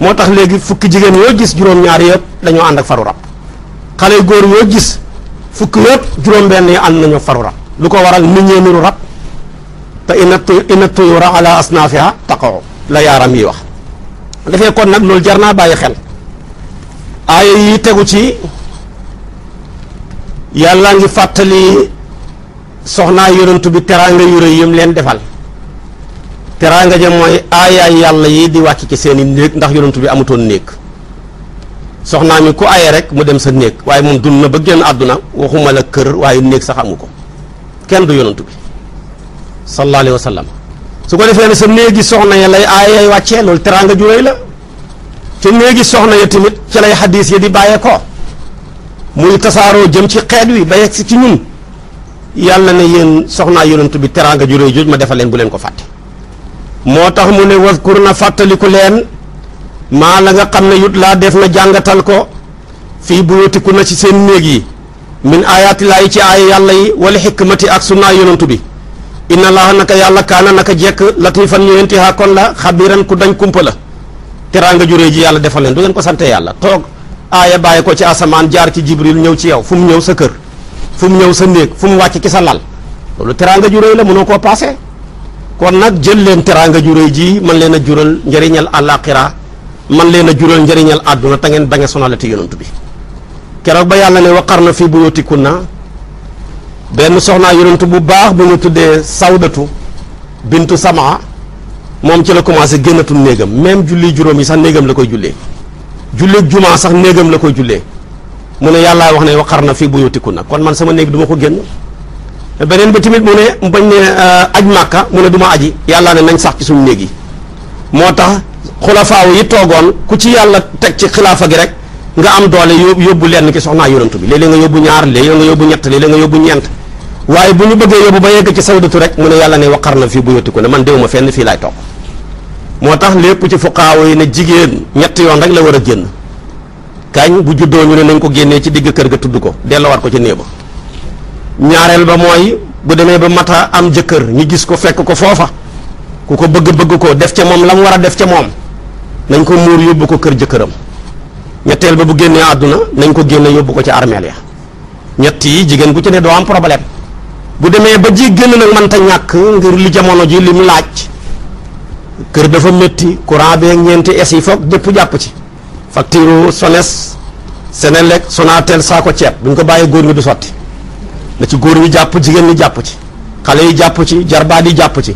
moo tax léegi fukki jigéen yoo gis juróom-ñaari yëpp dañoo ànd ak faru rab xale yu góor yoo gis fukki yëpp juróom-benn yi ànd nañoo faru rab lu ko waral nit ñee niru rab te ina ina tuyura ala asnaafiha taqaw la yaaram yi wax defee kon nag loolu jar naa bàyyi xel aaya yi tegu ci yàlla ngi fàttali soxnaa yonantu bi teraanga yu rëy yëm leen defal teraanga ja mooy aayaay yàlla yi di wàcc ci seeni néeg ndax yonantu bi amutoon néeg soxnaa mi ku aye rek mu dem sa néeg waaye moom dund na ba génn àdduna waxuma la kër waaye néeg sax xamu ko kenn du yonantu bi sallallahu alayhi wa su ko defee ne sa néegi soxna ya lay aayay wàccee loolu teraanga ju rëy la te néegi soxna ya tamit ci lay xadis ya di bàyyee ko muy tasaaroo jëm ci xeet wi ba yegg ci ñun yàlla ne yéen soxnaa yonent bi teraanga ju réy jooju ma defal leen bu leen ko fàtte moo tax mu ne waskur na fàttaliku leen maa la nga xam ne yut laa def na jàngatal ko fii bu buyootiku na ci seen néeg yi min ayaati laa ci aaya yàlla yi wala mati ak sunnaa yonent bi inna laa naka yàlla kaana naka jekk latifan ñu intihaa kon la xabiran ku dañ kumpa teraanga juree ji yàlla defal leen du ngeen ko sante yàlla toog aaya bàyyi ko ci asamaan jaar ci jibril ñëw ci yow fu mu ñëw sa kër fu mu ñëw sa néeg fu mu wàcc ci sa lal loolu teraanga juree la mënoo koo paase. kon nag jël leen teraanga juree ji man leen a jural njëriñal àllaaxira man leen a jural njëriñal àdduna te ngeen bañ a sonalati yonent bi keroog ba yàlla ne na fii na benn soxnaa yonent bu baax bu ñu tuddee sawdatu bintu samaa moom ci la commencé génnatul néegam même julli juróom yi sax néegam la koy jullee julli jumaa sax néegam la koy jullee mu ne yàllaa wax ne waqar na fii buyutikunna kon man sama néeg du ko génn beneen bi tamit mu ne bañ ne euh, aj màkka mu ne du ma aji yàllaa ne nañ sax ci suñu néeg moo tax xulafaaw yi toogoon ku ci yàlla teg ci xilaafa gi rek nga am doole yóbbu lenn ki soxnaa yonantu bi ñaar léeg-léeg nga yóbbu ñett léeg-léeg nga yóbbu ñeent waaye bu ñu bëggee yóbbu ba yegg ci sawdatu rek mu na fii buyutikunna man fenn fii laay toog moo tax lépp ci fuqaaw yi ne jigéen ñetti yoon rek la war a génn kañ bu juddoo ñu ne nañ ko génnee ci digg kër ga tudd ko dellowaat ko ca néeba ñaareel ba mooy bu demee ba mata am jëkkër ñu gis ko fekk ko foofa ku ko bëgg bëgg ko def ca moom la mu war a def ca moom nañ ko muur yóbbu ko kër jëkkëram ñetteel ba bu génnee àdduna nañ ko génne yóbbu ko ci armeel ya ñett yi jigéen gu ca ne doo am problème bu demee ba ji génn nag mënta ñàkk ngir li jamono ji li mu laaj kër dafa métti courant beeg ñeenti es yi foog jëpp jàpp ci facture Sones Senelec Sonatel saako ceeb bu ñu ko bàyyee góor ñi du sotti na ci góor ñi jàpp jigéen ñi jàpp ci xale yi jàpp ci jarbaat yi jàpp ci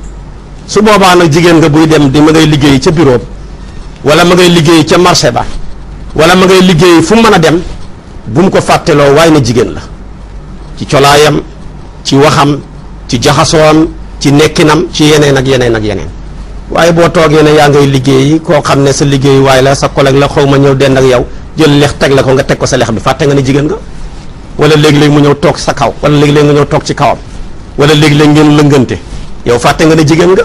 su boobaa nag jigéen nga buy dem di ma ngay liggéey ca bureau wala ma ngay liggéey ca marché ba wala ma ngay liggéey fu mu mën a dem bu mu ko fàtteeloo waaye na jigéen la ci colaayam ci waxam ci jaxasoom ci nekkinam ci yeneen ak yeneen ak yeneen waaye boo toogee ne yaa ngay liggéey koo xam ne sa liggéey waaye la sa collègue la xaw ma ñëw dend ak yow jël lex teg la ko nga teg ko sa lex bi fàtte nga ne jigéen nga wala léegi-léegi mu ñëw toog sa kaw wala léeg nga ñëw toog ci kawam wala léegi-léeg ngeen lëngante yow fàtte nga ne jigéen nga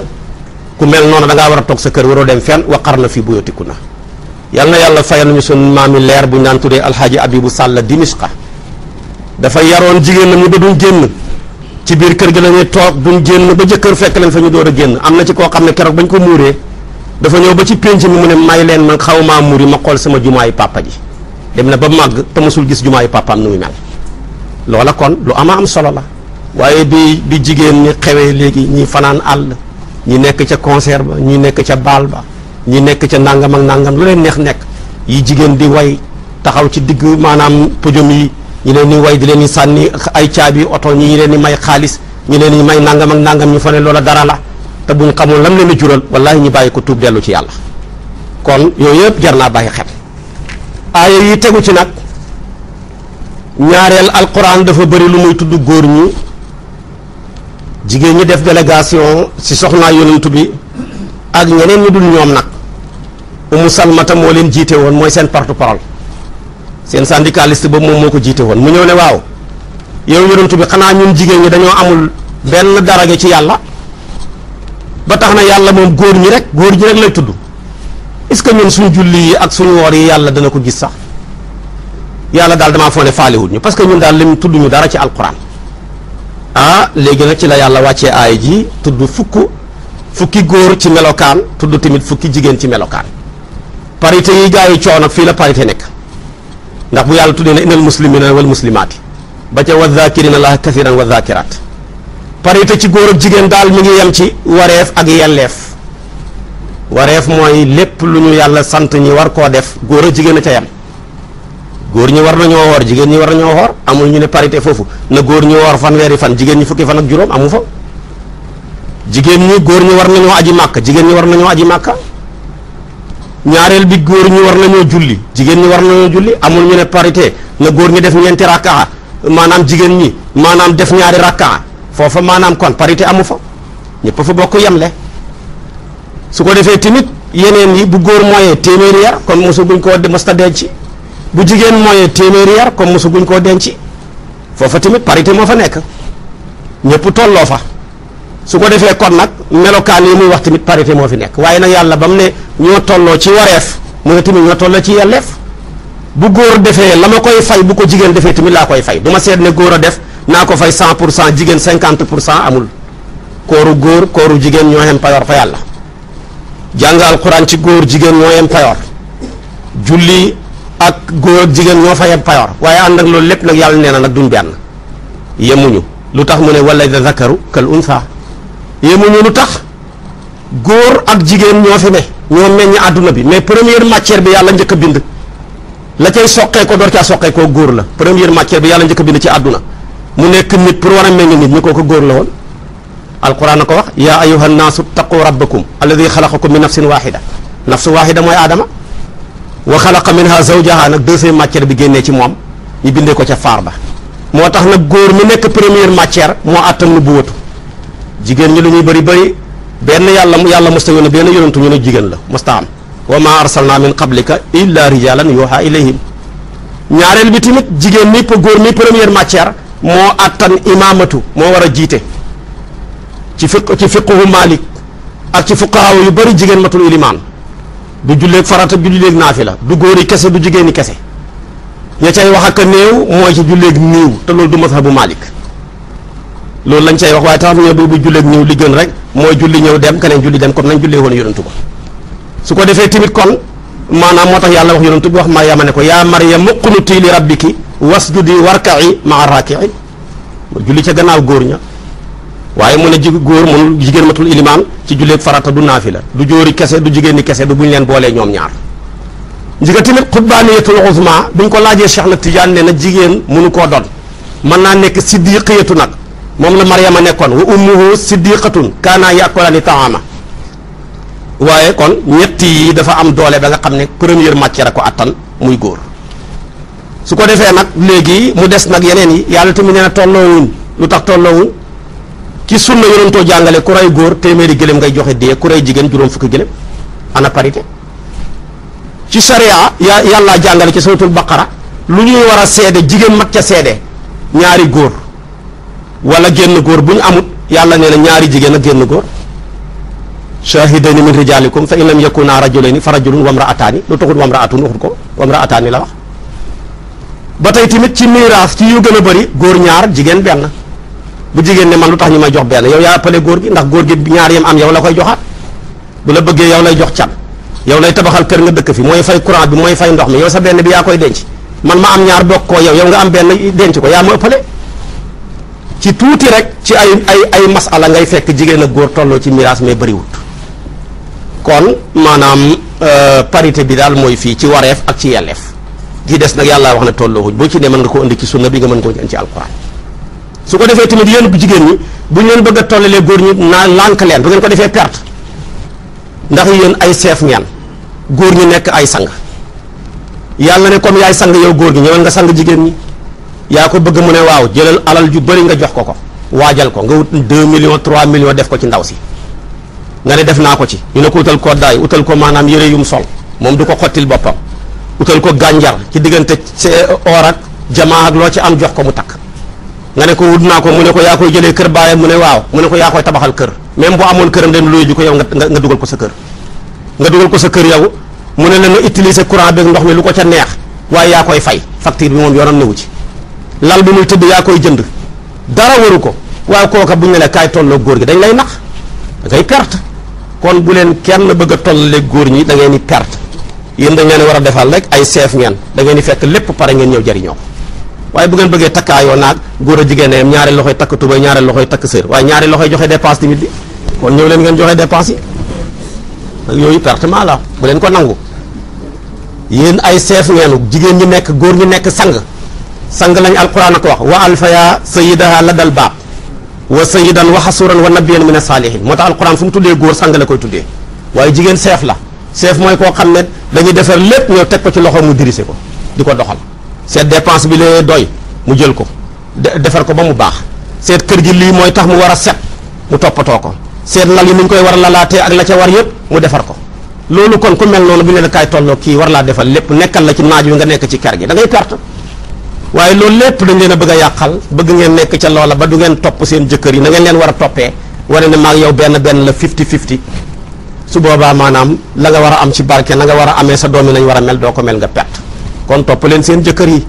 ku mel noonu da ngaa war a toog sa kër waroo dem fenn waqar na fii buyootiku na yal na yàlla fayal nañu sun maami leer bu ñu naan tuddee alxaaji abibu sàll dimisqa dafa yaroon jigéen nam ñu ba duñ génn ci biir kër gi la ñuy toog duñ génn ba jëkkër fekk leen fa ñu door a génn am na ci koo xam ne keroog bañ ko muuree dafa ñëw ba ci pénc mi mu ne may leen man xaw maa muur yi ma xool sama jumaayu papa ji dem na ba màgg te mosul gis jumaayu papaam nu muy mel loola kon lu ama am solo la waaye bi bi jigéen ñi xewee léegi ñuy fanaan àll ñu nekk ca concert ba ñi nekk ca baal ba ñu nekk ca nàngam ak nàngam lu leen neex nekk yi jigéen di way taxaw ci digg maanaam podium yi ñi leen way di leen di sànni ay caabi oto ñi leen di may xaalis ñi leen may nangam ak nangam ñu fa ne loola dara la te buñ xamul lam leen a jural wallahi ñu bàyyi ko tuub dellu ci yàlla kon yooyu yëpp jar naa bàyyi xel aaya yi tegu ci nag ñaareel alquran dafa bari lu muy tudd góor ñi jigéen ñi def délégation si soxnaa yonent bi ak ñeneen ñu dul ñoom nag umu salmata moo leen jiite woon mooy seen porte parole seen syndicaliste boobu moom moo ko jiite woon mu ñëw ne waaw yow yonent bi xanaa ñun jigéen ñi dañoo amul benn darage ci yàlla ba tax na yàlla moom góor ñi rek góor ñi rek lay tudd est-ce que ñun suñu julli yi ak suñu woor yi yàlla dana ko gis sax yàlla daal damaa foog ne faaliwul ñu parce que ñun daal lim tudd ñu dara ci alquran ah léegi nag ci la yàlla wàccee aay ji tudd fukk fukki góor ci melokaan tudd tamit fukki jigéen ci melokaan parité yi gars yi coow fii la parité nekk ndax bu yàlla tuddee na innal muslimina wal muslimaati ba ca wa zaakirina laaha kasiran wa zaakiraat parité ci góor ak jigéen daal mi ngi yem ci wareef ak yelleef wareef mooy lépp lu ñu yàlla sant ñi war koo def góor ak jigéen a ca yam góor ñi war nañoo woor jigéen ñi war nañoo woor amul ñu ne parité foofu na góor ñi fan fanweeri fan jigéen ñi fukki fan ak juróom amu fa jigéen ñi góor ñi war na nañoo aji màkk jigéen ñi war nañoo aji màkka ñaareel bi góor ñi war nañoo julli jigéen ñi war nañoo julli amul ñu ne parité nga góor ñi def ñeenti rakkaa maanaam jigéen ñi maanaam def ñaari rakkaa foofa maanaam kon parité amu fa ñëpp fa bokk yemle su ko defee tamit yeneen yi bu góor mooyee téeméeri yar kon mosu guñ koo mësta denc bu jigéen mooyee téeméeri yar kon mosu guñ koo denc foofa tamit parité moo fa nekk ñëpp tolloo fa su ko defee kon nag melokaan yi muy wax tamit parité moo fi nekk waaye nag yàlla ba mu ne ñoo tolloo ci wareef mu ne tamit ñoo tolloo ci yelleef bu góor defee la ma koy fay bu ko jigéen defee tamit laa koy fay du ma seet ne góor a def naa ko fay 100 pour cent jigéen 50 pour cent amul kooru góor kooru jigéen ñoo yem payoor fa yàlla jàng alxuraan ci góor jigéen ñoo yem payoor julli ak góor jigéen ñoo fa yem payoor waaye ànd ak loolu lépp nag yàlla nee na nag duñ benn yemuñu lu tax mu ne wala da zakaru kal unsa yemuñu lu tax góor ak jigéen ñoo fi ne ñoo meññ àdduna bi mais première matière bi yàlla njëkk a bind la cay soqee ko door caa soqee koo góor la première matière bi yàlla njëkk bind ci àdduna mu nekk nit pour war a meññ nit ñi ko góor la woon alquran a ko wax yaa ayuha nnaasu taqu rabbakum alladi xalaqakum min nafsin waxida nafsu waxida mooy aadama wa xalaqa minha zawjaha nag deuxième matière bi génnee ci moom ñu bindee ko ca faar ba moo tax nag góor mu nekk première matière moo àttan nu bu watu jigéen ñi lu ñuy bëri bari benn yàlla yàlla mosta yónne benn yonantu ñu ne jigéen la mosta am wa ma arsalna min qablika illa rijalan yuha ilayhim ñaareel bi tamit jigéen mi góor mi première matière moo attan imaamatu moo war a jiite ci fiq ci fiqhu malik ak ci fuqahaa yu bëri jigéen matul ilimaan du julleeg farata du julleeg naafila du góori kese du jigéeni kese ña cay wax ak a néew mooy ci julleeg niiw te loolu du mazhabu malik loolu lañ say wax waaye taxam ñoo boobu julleeg ñëw li gën rek mooy julli ñëw dem keneen julli dem comme nañ jullee woon yonentu ba su ko defee tamit kon maanaam moo tax yàlla wax yonentu bi wax Maryama ne ko yaa Maryam uqnutii li rabbiki wasjudi warka'i ma'a raaki'in julli ca gannaaw góor ña waaye mu ne ji góor mënul jigéen matul ilimaan ci julleeg farata du la du jóori kese du jigéen ni kese du buñu leen boolee ñoom ñaar njëkka tamit xutbaaniyatul uzma buñ ko laajee Cheikh na Tidiane ne na jigéen mënu koo doon mën naa nekk siddiqiyatu nag moom la Maryama nekkoon wa ummuhu siddiqatun kaana yakulaani taama waaye kon ñetti yi dafa am doole ba nga xam ne première matière a ko attan muy góor su ko defee nag léegi mu des nag yeneen yi yàlla tamit nee na tolloowuñ lu tax tolloowuñ ci sunna yonentoo jàngale ku rey góor téeméeri gëléem ngay joxe di ku rey jigéen juróom fukki gëléem ana parité ci sharia ya yàllaa jàngale ci suratul baqara lu ñuy war a seede jigéen mat ca seede ñaari góor wala génn góor bu ñu amut yàlla nee na ñaari jigéen a génn góor shahidayni min rijalikum fa in lam yakuna rajulayni fa rajulun wa mraataani lu taxut wa mraatun waxut ko wa mraataani la wax ba tey tamit ci miraas ci yu gën a bari góor ñaar jigéen benn bu jigéen ne man lu tax ñu may jox benn yow yaa ëppale góor gi ndax góor gi ñaar yam am yow la koy joxaat bu la bëggee yaw lay jox can yow lay tabaxal kër nga dëkk fi mooy fay courant bi mooy fay ndox mi yow sa benn bi yaa koy denc man ma am ñaar bokk yow yow nga am benn denc ko yaa ma ci tuuti rek ci ay ay ay masala ngay fekk jigéen ak góor tolloo ci miraas mais bëriwut kon maanaam euh, parité bi daal mooy fii ci wareef ak ci yelleef di des nag yàlla wax ne tolloowuñ boo ci ne mën nga ko indi ci sunna bi nga mën koo indi ci alquran su ko defee tamit yéen jigéen ñi bu ñu leen bëgg a tollalee góor ñi naa lànk leen bu ngeen ko defee perte ndax yéen ay seef ngeen góor ñi nekk ay sang yàlla ne comme yaay sang yow góor gi ñëwal nga sang jigéen ñi yaa ko bëgg mu ne waaw jëlal alal yu bëri nga jox ko ko waajal ko nga wut 2 millions 3 millions def ko ci ndaw si nga ne def naa ko ci ñu ne ko utal ko daay wutal ko maanaam yëre yum sol moom du ko xottil boppam utal ko gànjar ci diggante eh, or ak jamaa ak loo ci am jox ko mu takk nga ne ko wut naa ko mu ne ko yaa koy jëlee kër baayam mu ne waaw mu ne ko yaa koy tabaxal kër même boo amoon këram dem luy ji ko yow nga nga dugal ko sa kër nga dugal ko sa kër yow mu ne la nga utiliser courant beeg ndox mi lu ko ca neex waaye yaa koy fay facture bi moom yoonam newu ci lal bi muy tëdd yaa koy jënd dara waru ko waaw kooka bu ñu ne kaay tolloo góor gi dañ lay nax da ngay perte kon bu leen kenn bëgg a tollale góor ñi dangeen ngeen di perte yéen dañ leen war a defal rek ay seef ngeen da ngeen di fekk lépp pare ngeen ñëw jariñoo waaye bu ngeen bëggee takkaayoo naag góor a jigéen yam ñaari loxoy takk tubay ñaari loxoy takk sër waaye ñaari loxoy joxe dépense tamit bi kon ñëw leen ngeen joxe dépense yi yooyu perte la bu leen ko nangu yéen ay seef ngeen jigéen ñi nekk góor ñi nekk sang sang lañ alquran ko wax wa alfaya sayidaha la dal baab wa sayidan wa xasuran wa nabiyan ne saalihin moo tax alquran fu mu tuddee góor sang la koy tuddee waaye jigéen seef la chef mooy koo xam ne dañuy defar lépp ñëw teg ko ci loxo mu dirise ko di ko doxal seet dépense bi lee doy mu jël ko defar ko ba mu baax seet kër gi lii mooy tax mu war a set mu toppatoo ko seet lal yi ni ñu war lalaatee ak la ca war yëpp mu defar ko loolu kon ku mel noonu bu ñu la kaay tolloo kii war laa lépp nekkal la ci naaj wi nga nekk ci kër gi da ngay perte waaye loolu lépp dañ leen a bëgg a yàqal bëgg ngeen nekk ca loola ba du ngeen topp seen jëkkër yi na ngeen leen war a toppee a ne maag yow benn benn la fifty fifty su boobaa maanaam la nga war a am ci barke na nga war a amee sa doom yi nañ war a mel doo ko mel nga perte kon topp leen seen jëkkër yi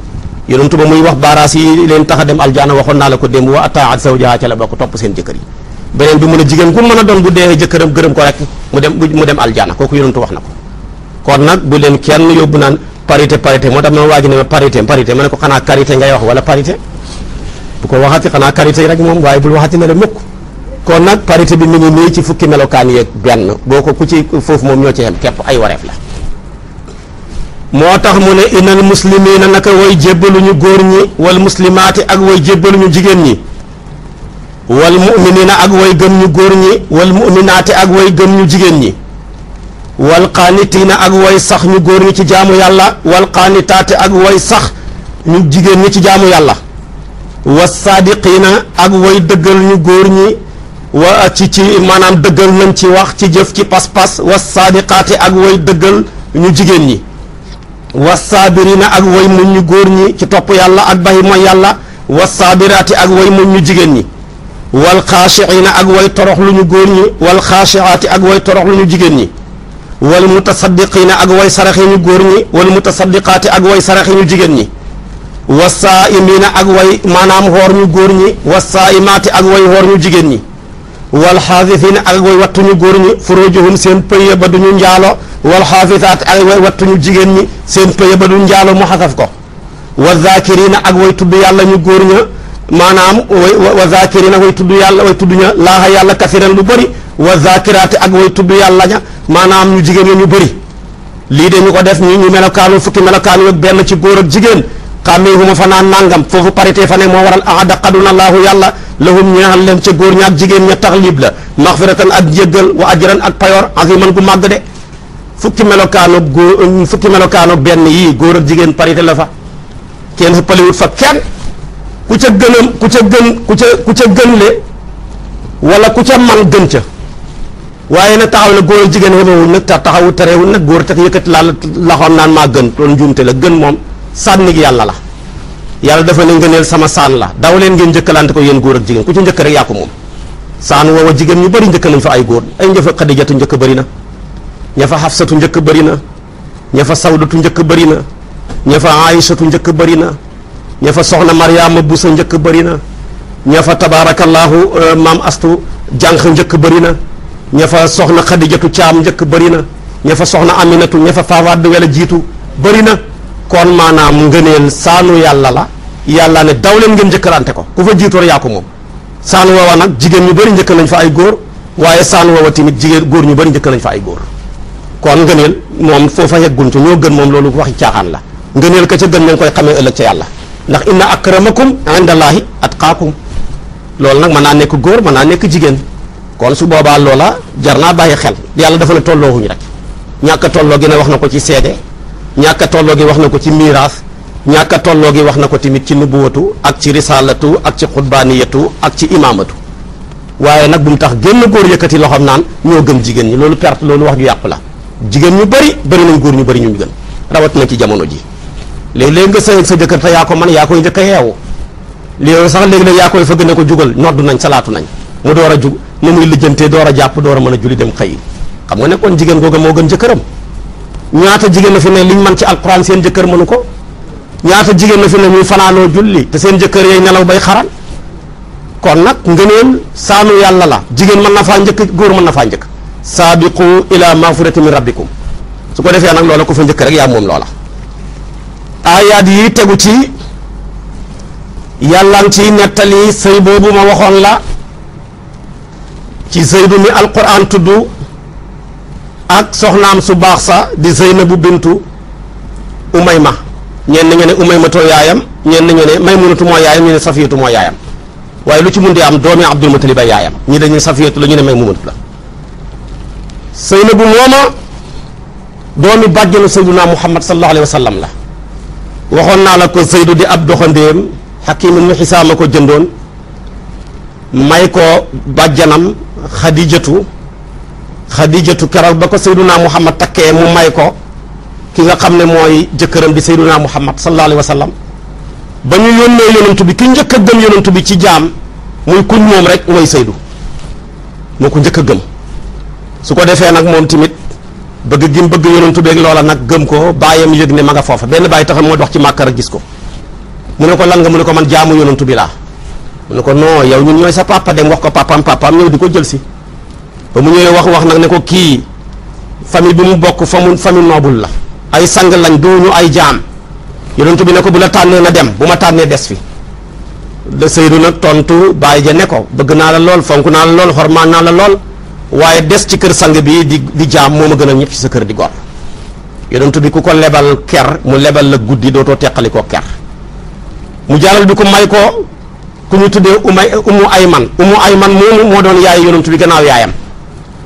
yonentu ba muy wax baaraas yi leen tax a dem aljaana waxoon naa la ko démb wa ataat zawjaha ca la bokk topp seen jëkkër yi beneen bi mu ne jigéen ku a doon bu dee gërëm ko dem mu dem aljaana kooku wax na ko kon nag bu leen kenn yóbbu naan parité parité moo tax ma waa ji ne ma ko xanaa karité ngay wax wala bu ko waxati xanaa karité rek moom waaye bul waxati ne la mukk kon nag parité bi mu ngi ci fukki melokaan yeeg benn boo ko ku ci foofu moom ñoo ci yem képp ay wareef la moo tax mu ne inal muslimina naka way jébbaluñu góor ñi wal muslimaati ak way jébbaluñu jigéen ñi wal muminina ak way gën ñu góor ñi wal muminaati ak way gën ñu jigéen ñi walqaanitiina ak way sax ñu góor ñi ci jaamu yàlla walqaanitaati ak way sax ñu jigéen ñi ci jaamu yàlla wasaadiqiina ak way dëggal ñu góor ñi wa ci ci maanaam dëggal nañ ci wax ci jëf ci pas-pas wasaadiqaati ak way dëggal ñu jigéen ñi wasaabiriina ak way muñ ñu góor ñi ci topp yàlla ak bayi mooy yàlla wasaabiraati ak way muñ ñu jigéen ñi wal walxaashiina ak way torox lu ñu góor ñi walxaashiaati ak way torox lu ñu jigéen ñi wal mutasaddiqiina ak way sarax yi ñu góor ñi wal mutasaddiqaati ak way sarax yi ñu jigéen ñi wasaaimiina ak way maanaam xoor ñu góor ñi wasaaimaati ak way xoor ñu jigéen ñi wal xaafifiina ak way wattu ñu góor ñi furujuhum seen pëye ba du ñu njaalo wal xaafisaati ak way wattu ñu jigéen ñi seen pëye ba du njaalo mu xasaf ko wa zaakiriina ak way tudd yàlla ñu góor ña maanaam way wa zaakiriina way tudd yàlla way tudd ña laaxa yàlla kasiran lu bëri wa zakiraati ak way tudd yàlla ña maanaam ñu jigéen ña ñu bari lii de ñu ko def ñi ñu melokaanu fukki melokaanu ak benn ci góor ak jigéen xàmmeehuma fa naan nangam foofu parité fa ne moo waral ahada qaduna laahu yàlla lahum ñeexal leen ca góor ña ak jigéen ña taxlib la maxfiratan ak jéggal wa ajran ak payoor aziman gu màgg de fukki melokaanu góor fukki melokaanu benn yii góor ak jigéen parité la fa kenn xëppaliwut fa kenn ku ca gënam ku ca gën ku ca ku ca gën le wala ku ca man gën ca waaye nag taxaw na góor jigéen xamewul nag ta taxawu terewul nag góor tax yëkkati laal laxoom naan maa gën loolu njuumte la gën moom sànni yàlla la yàlla dafa ne ngëneel sama saan la daw leen ngeen njëkkalante ko yéen góor ak jigéen ku ci njëkk rek yaa ko moom saan woowa jigéen ñu bari njëkk nañ fa ay góor ay ña fa njëkk bëri na ña fa xafsatu njëkk bëri na ña fa sawdatu njëkk bari na ña fa aïchatu njëkk bari na ña fa soxna mariama busa njëkk bari na ña fa tabaarakallaahu euh, maam astu jànq njëkk bëri na ña fa soxna xadijatu caam njëkk bëri na ña fa soxna aminatu ña fa faawaat wala jiitu bëri na kon maanaam ngëneel saanu yàlla la yàlla ne daw leen ngeen njëkkalante ko ku fa jiitoor yaa ko moom saan woowa nag jigéen ñu bëri njëkk nañ fa ay góor waaye saan woowa tamit jigéen góor ñu bëri njëkk nañ fa ay góor kon ngëneel moom foofa yeggun ci ñoo gën moom loolu waxi caaxaan la ngëneel ko ca gën nañ koy xamee ëllëg ca yàlla ndax inna akramakum indallaahi atqaakum loolu nag mën naa nekk góor mën naa nekk jigéen kon su boobaa loola jar naa bàyyi xel yàlla dafa ne tolloowuñu rek ñàkk a tolloo gi ne wax na ko ci seede ñàkk a tolloo gi wax na ko ci miiraas ñàkk a tolloo gi wax na ko tamit ci nubuwatu ak ci risalatu ak ci xutbaaniyatu ak ci imaamatu waaye nag bu mu tax génn góor yëkkati loxoom naan ñoo gën jigéen ñi loolu perte loolu wax ju yàqu la jigéen ñu bari bëri nañ góor ñu bëri ñu ñu gën rawat na ci jamono ji léeg-léeg nga sëy sa jëkkër te yaa ko man yaa njëkk a yeewu léegi sax léegi-léeg yaa koy fëgg ko jugal noddu nañ salaatu nañ ni muy lijjantee door a jàpp door a mën a julli dem xëy xam nga nekkoon jigéen googu moo gën jëkkëram ñaata jigéen na fi ne liñ ci alquran seen jëkkër mënu ko ñaata jigéen na fi ne ñuy fanaanoo julli te seen jëkkër yay nelaw bay xaran kon nag ngëneel saanu yàlla la jigéen ma na faa njëkk góor ma na faa njëkk saabiqu ila magfirati min rabbikum su ko defee nag loola ko fa njëkk rek yaa moom loola ayaat yi tegu ci yàllan ci nettali sëy boobu ma waxoon la ci Zeydu mi alquran tudd ak soxnaam su baax sa di Zeynabu bintu Umayma ñenn ñu ne Umaymatoo yaayam ñenn ñu ne Maymunatu moo yaayam ñu Safiyatu moo yaayam waaye lu ci mun di am doomi Abdul ñi dañu ne la ñu ne Maymunatu la Zeynabu mooma doomi bàjjenu Seyduna Muhammad sallallahu alayhi wa sallam la waxoon naa la ko Zeydu di ab doxandéem Hakim ibn Hisaam a ko jëndoon may ko bàjjanam xadijatu xadijatu keroog ba ko sayduna muhammad takkee mu may ko ki nga xam ne mooy jëkkëram di sayduna muhammad sallallahu alayhi wa sallam ba ñu yónnee yonantu bi ki njëkk a gëm yonantu ci jaam muy kuñ moom rek mooy saydu moo ko njëkk gëm su ko defee nag moom tamit bëgg gim bëgg yonantu beeg loola nag gëm ko bàyyam yëg ne ma nga foofa benn bàyyi taxam mooy dox ci màkkar a gis ko mu ne ko lan nga mu ne ko man jaamu yonantu bi laa mu ne ko non yow ñun ñooy sa papa dem wax ko papaam papaam ñëw di ko jël si ba mu ñëwee wax wax nag ne ko kii famille bi mu bokk fa mu la ay sang lañ ñu ay jaam yonent bi ne ko bu la tànnee na dem bu ma tànnee des fi de Seydou na tontu bàyyi ja ne ko bëgg naa la lool fonk naa la lool xormaan naa la lool waaye des ci kër sang bi di di jaam moo ma gën a ñëpp ci sa kër di gor yonent bi ku ko lebal ker mu lebal la guddi dootoo teqali ko ker mu jaaral ku ñu tuddee ay man ayman ay man moomu moo doon yaay yonent bi gannaaw yaayam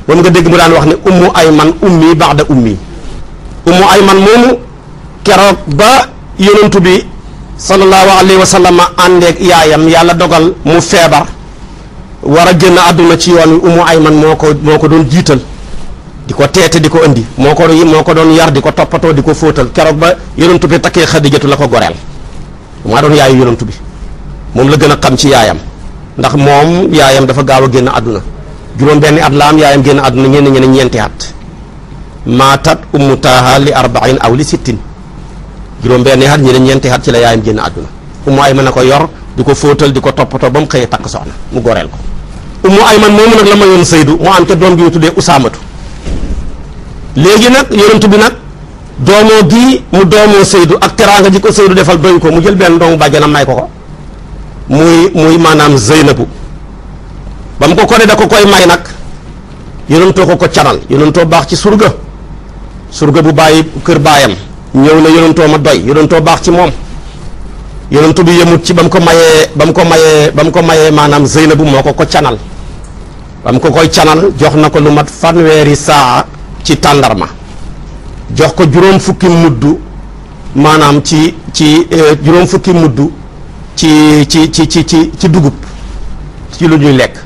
moom nga dégg mu daan wax ne ay ayman ummi ba'da ummi umu man moomu keroog ba yonent bi sallallahu alayhi wa sallam àndeeg yaayam yàlla dogal mu feebar war a génn àdduna ci yoon wi ay man moo ko moo ko doon jiital di ko teete di ko indi moo ko moo ko doon yar di ko toppatoo di ko fóotal keroog ba yonent bi takkee xadijatu la ko goreel maa doon yaayu moom la gën a xam ci yaayam ndax moom yaayam dafa gaaw a génn àdduna juróom benni at la am yaayam génn àdduna ñenn ñeneen ñeenti at maatat ummu taaha li arbain aw li sittin juróom benni at ñeneen ñeenti at ci la yaayam génn àdduna ay man na ko yor di ko fóotal di ko toppatoo ba mu xëyee takk soxna mu goreel ko ummu ayman moomu nag la mayoon Seydou moo am ca doom bi ñu tuddee usaamatu léegi nag yonent bi nag doomoo gii mu doomoo Seydou ak teraanga ji ko Seydou defal doy ko mu jël benn doomu bàjjanam may ko ko muy muy maanaam Zeynabu ba mu ko ko ne da ko koy may nag yonentoo ko ko canal yonentoo baax ci surga surga bu bàyyi kër baayam ñëw na yonentoo ma doy yonentoo baax ci moom yonentu bi yemut ci ba mu ko mayee ba mu ko mayee ba ko mayee maanaam Zeynabu moo ko ko canal ba mu ko koy canal jox na ko lu mat fanweeri saa ci tàndarma jox ko juróom fukki mudd maanaam ci ci eh, juróom fukki muddu ci ci ci ci ci ci dugub ci lu ñuy lekk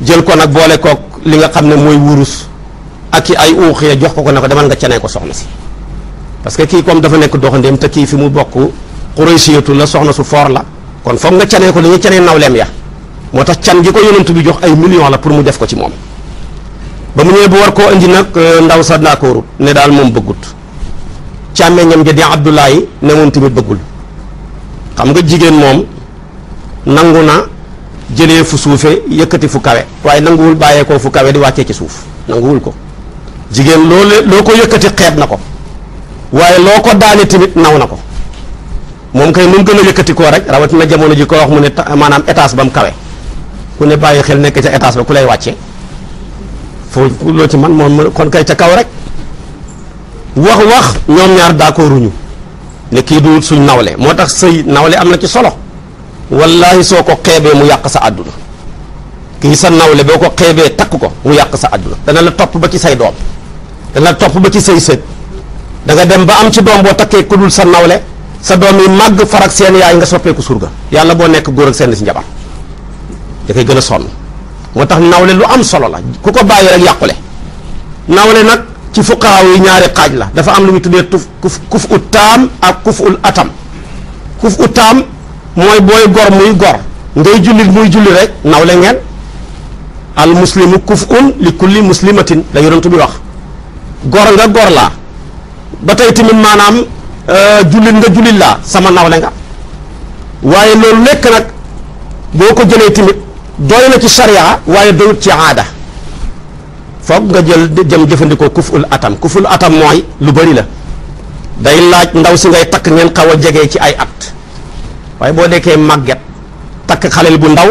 jël ko nag boole kook li nga xam ne mooy wurus ak i ay uux ya jox ko ko ne ko demal nga canee ko soxna si parce que kii comme dafa nekk doxandéem te kii fi mu bokk xuraysiyatu la soxna su foor la kon foog nga canee ko li ñu cenee nawleem ya moo tax can gi ko yonent bi jox ay million la pour mu def ko ci moom ba mu ñëwee bu war koo indi nag euh, ndaw sa naakoorut ne daal moom bëggut càmmeñam ja di Abdoulaye ne moom tamit bëggul xam nga jigéen moom nangu na jëlee fu suufe yëkkati fu kawe waaye nanguwul bàyyeekoo fu kawe di wàccee ci suuf nanguwul ko jigéen loolu loo ko yëkkati xeet na ko waaye loo ko daane tamit naw na ko moom kay mun gën a yëkkati koo rek rawatina jamono ji ko wax mu ne maanaam étage ba mu kawe ku ne bàyyi xel nekk ca étage ba ku lay wàcce foofu loo ci man moom kon kay ca kaw rek wax wax ñoom ñaar d'accorduñu ne kii duwut suñ nawle moo tax sëy nawle am na ci solo wallahi soo ko xeebee mu yàq sa àdduna kii sa nawle boo ko xeebee takk ko mu yàq sa àdduna dana la topp ba ci say doom dana la topp ba ci say sët da dem ba am ci doom boo takkee ku sa nawle sa doom yi màgg farak seen yaay nga soppeeku surga yàlla boo nekk góor ak seen si njabar da gën a sonn moo tax nawle lu am solo la ku ko bàyyi rek yàqule nawle nag ci fuqaaw yi ñaari xaaj la dafa am lu ñu tuddee tuf kuf kuf u taam ak kuf ul atam kuf u taam mooy booy gor muy gor ngay jullit muy julli rek nawle ngeen al muslimu kuf un li kulli muslimatin la yonent bi wax gor nga gor laa ba tey tamit maanaam euh, jullit nga jullit laa sama nawle nga waaye loolu lekk nag boo ko jëlee tamit doy na ci charia waaye doyut ci aada foog nga jël jëm jëfandikoo kuful atam kuful atam mooy lu bari la day laaj ndaw si ngay takk ngeen xaw a jege ci ay at waaye boo dekkee màgget takk xaleel bu ndaw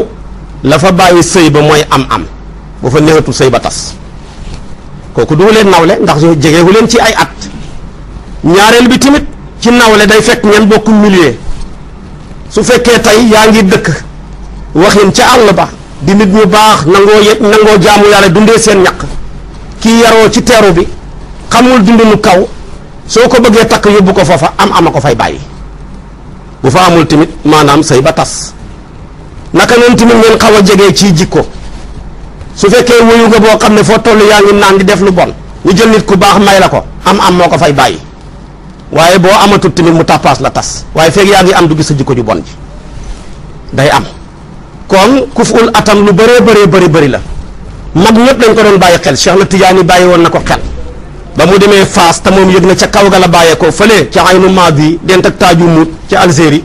la fa bàyyi sëy ba mooy am-am bu fa neexatul sëy ba tas kooku du leen nawle ndax su jegee jegewu leen ci ay at ñaareel bi tamit ci nawle day fekk ngeen bokk milieu su fekkee tey yaa ngi dëkk waxin ca àll ba di nit ñu baax nangoo yet nangoo jaamu yàlla dundee seen ñaq kii yaroo ci teeru bi xamul dundunu kaw soo ko bëggee takk yóbbu ko foofa am ama ko fay bàyyi bu fa amul tamit maanaam sëy ba tas naka noonu tamit ngeen xaw a jege ci jikko su fekkee wuyu nga boo xam ne foo toll yaa ngi naan di def lu bon ñu jël nit ku baax may la ko am am moo ko fay bàyyi waaye boo amatul tamit mu tàppaas la tas waaye feeg yaa ngi am du gis sa jikko ju bon ji day am kon ku ful atam lu bare bëree bari bëri la mag ñëpp dañ ko doon bàyyi xel Cheikh na Tidiane bàyyi woon na ko xel ba mu demee Faas te moom yëg na ca kaw ga la bàyyeekoo fële ca aynu maadi dent ak taaju mut ca Algérie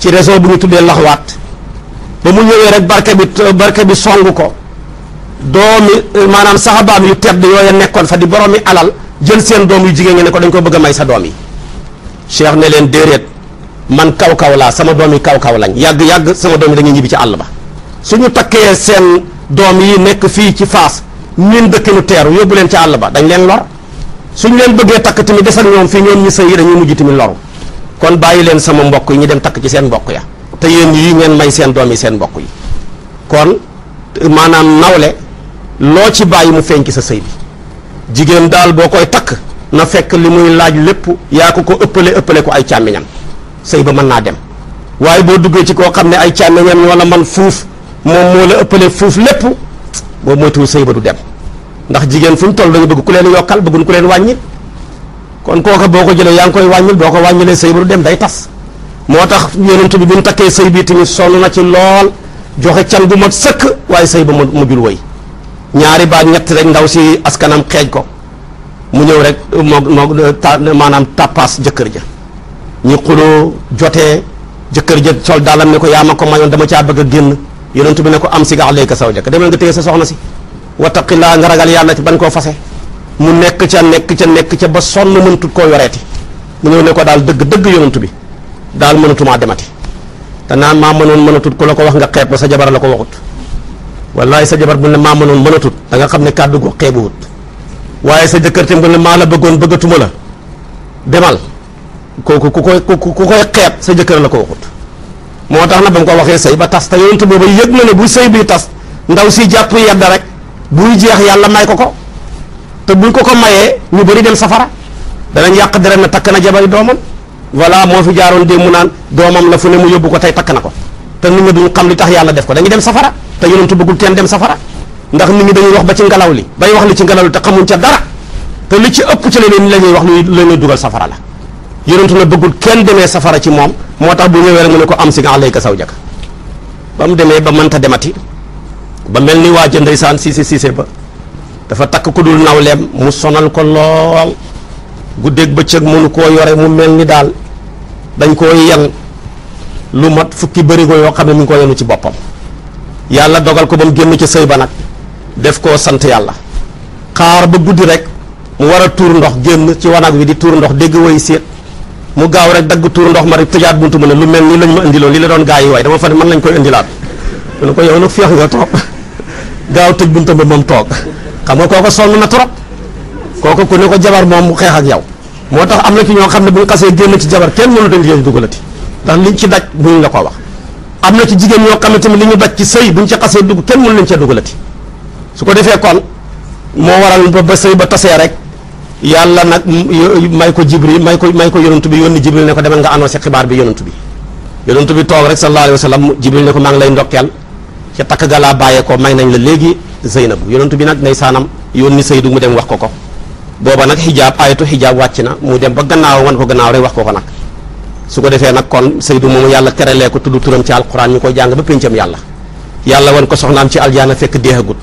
ci région bu ñu tuddee Laxwaat ba mu ñëwee rek barke bi barke bi song ko doomi maanaam saxabaam yu tedd yooya nekkoon fa di boroomi alal jël seen doom yu jigéen ñi ne ko dañ ko bëgg a may sa doom yi Cheikh ne leen déeréet man kaw kaw laa sama doom yi kaw kaw lañ yàgg yàgg sama doom yi dañuy ñibbi ci àll ba doom yi nekk fii ci Fass ñun dëkkinu teeru yóbbu leen ci àll ba dañ leen lor suñ leen bëggee takk tamit des ak ñoom fii ñoom ñi sëy yi dañuy mujj tamit loru kon bàyyi leen sama mbokk yi ñu dem takk ci seen mbokk ya te yéen yi ngeen may seen doom yi seen mbokk yi kon maanaam nawle loo ci bàyyi mu feeñ sa sëy bi jigéen daal boo koy takk na fekk li muy laaj lépp yaa ko ko ëppale ëppale ko ay càmmiñam sëy ba mën naa dem waaye boo duggee ci koo xam ne ay càmmiñam ñoo la man fuuf moom moo la ëppale fuuf lépp boo moytuwul sëy ba du dem ndax jigéen fu ñu toll dañu bëgg ku leen yokkal bëgguñ ku leen wàññi kon kooka boo ko jëlee yaa ngi koy wàññil boo ko wàññilee sëy ba du dem day tas moo tax yonent bi bu mu takkee sëy bi tamit sonn na ci lool joxe can bu mot sëkk waaye sëy ba mujjul woy ñaari baat ñett rek ndaw si askanam xeej ko mu ñëw rek moog moog ta maanaam tappaas jëkkër ja ñu xuloo jotee jëkkër ja sol ne ko yaa ma ko mayoon dama caa bëgg a génn yonent bi ne ko am si nga alayka sawjaka demal nga téye sa soxna si wattaqillaa nga ragal yàlla ci ban koo fase mu nekk ca nekk ca nekk ca ba sonn mënatut koo yoreeti mu ñëw ne ko daal dëgg dëgg yonent bi daal mënatumaa demati te naan maa mënoon mënatut ku la ko wax nga xeeb ba sa jabara la ko waxut wallaay sa jabar bu ne maa mënoon mënatut da nga xam ne kàddu gu xeebuwut waaye sa jëkkër tam bu ne maa la bëggoon bëggatuma la demal kooku ku koy ku koy xeeb sa jëkkër la ko waxut moo tax na ba mu ko waxee sëy ba tas te yonent booba yëg na ne bu sëy bi tas ndaw si jàpp yedd rek buy jeex yàlla may ko ko te buñ ko ko mayee ñu bëri dem safara dana danañ yàq deret na takk na jabari doomam voilà moo fi jaaroon dee mu naan doomam la fu ne mu yóbbu ko tey takk na ko te nit ñi duñ xam li tax yàlla def ko dañuy dem safara te yonent bëggul teen dem safara ndax nit ñi dañuy wax ba ci ngelaw li bay wax li ci ngelaw li te xamuñ ca dara te li ci ëpp ci leneen la ñuy wax lu leen dugal safara la yonentu na bëggul kenn demee safara ci moom moo tax bu ñëwee rek mu ne ko am si nga alayka saw jaka ba mu demee ba mënta demati ba mel ni waa ndeysaan siise siise ba dafa takk ku dul nawleem mu sonal ko lool ba bëccëg mënu koo yore mu mel ni daal dañ koo yen lu mat fukki bërigo yoo xam ne mu ngi ko yenu ci boppam yàlla dogal ko ba mu génn ca sëy ba nag def koo sant yàlla xaar ba guddi rek mu wara a tuur ndox génn ci wanag wi di tuur ndox dégg way séet mu gaaw rek dagg tuur ndox ma rek tëjaat buntu mu ne lu mel nii lañ ma indiloon li la doon gaa yi waay dama fa ne man lañ koy indilaat dana ko yow nag feex nga trop gaaw tëj buntu ba moom toog xam nga kooko sonn na trop kooko ku ne ko jabar moom mu xeex ak yow moo tax am na ci ñoo xam ne bu ñu xasee génn ci jabar kenn mënut dañ liggéey dugalati ndax liñ ci daj buñ la ko wax am na ci jigéen ñoo xam ne tamit li ñu daj ci sëy buñ ci xasee dugg kenn mënu leen cee dugalati su ko defee kon moo waral ba ba sëy ba tasee rek yàlla nag may ko jibril may ko may ko yonantu bi yónni jibril ne ko demal nga annoncé xibaar bi yonantu bi yonantu bi toog rek sallallahu alayhi wa sallam jibril ne ko maa ngi lay takk ga bàyyee ko may nañ la léegi zeynabu yonantu bi nag ndeysaanam yónni saydu mu dem wax ko ko booba nag xijaab ayatu xijaab wàcc na mu dem ba gannaaw wan ko gannaaw rek wax ko ko nag su defee nag kon saydu moomu yàlla terelee ko tudd turam ci alquran ñu koy jàng ba péncam yàlla yàlla wan ko soxnaam ci aljaana fekk deexagut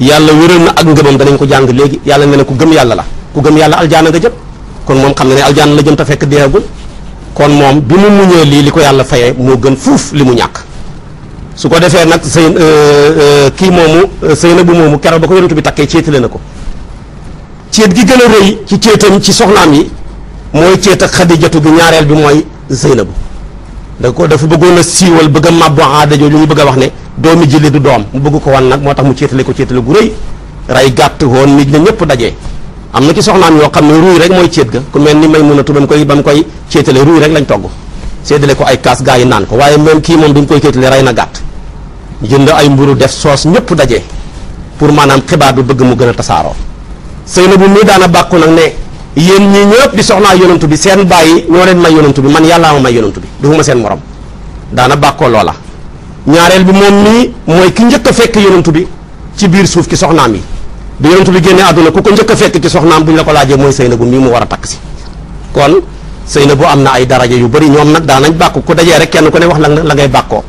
yàlla wéral na ak ngëmam danañ ko jàng léegi yàlla ne na ku gëm yàlla la ku gëm yàlla aljaana nga jëm kon moom xam na ne aljaana la jëm te fekk deeagul kon moom bi mu muñee lii li ko yàlla fayee moo gën fuuf li mu ñàkk su ko defee nag sëy euh, euh, kii moomu euh, sëy na bu moomu keroog ba ko bi takkee céetale na ko céet gi gën a rëy ci céetam ci soxnaam yi mooy céet ak xadijatu gi ñaareel bi mooy Zeynabu da ko dafa bëggoon a siiwal bëgg a màbbu aada jooju ñu bëgg wax ne doomi jëli du doom mu bëgg ko wan nag moo tax mu céetale ko céetale gu rëy rey gàtt woon nit ña ñëpp daje. am na ci soxnaam yoo xam ne ruy rek mooy céet ga ku mel ni may mun a tubam koy ba mu koy céetale ruuy rek lañ togg séddale ko ay kaas gaa yi naan ko waaye même ki moom duñ koy céetale rey na gàtt jënd ay mburu def soos ñëpp daje pour maanaam xibaar bi bëgg mu gën a tasaaroo sëy na bu mii daana bàkku nag ne yéen ñi ñëpp di soxnaa yonantu bi seen bàyyi ñoo leen may yonantu bi man yàllaa ma may yonantu bi defuma seen morom daana bàkkoo loola ñaareel bi moom mii mooy ki njëkk a fekk yonantu bi ci biir suuf ki soxnaam yi bi yonent bi génnee àdduna ku ko njëkk a fekk ci soxnaam bu ñu la ko laajee mooy Seynabu mii mu war a takk si kon Seynabu am na ay daraja yu bari ñoom nag daanañ bàkk ku dajee rek kenn ku ne wax la la ngay bàkkoo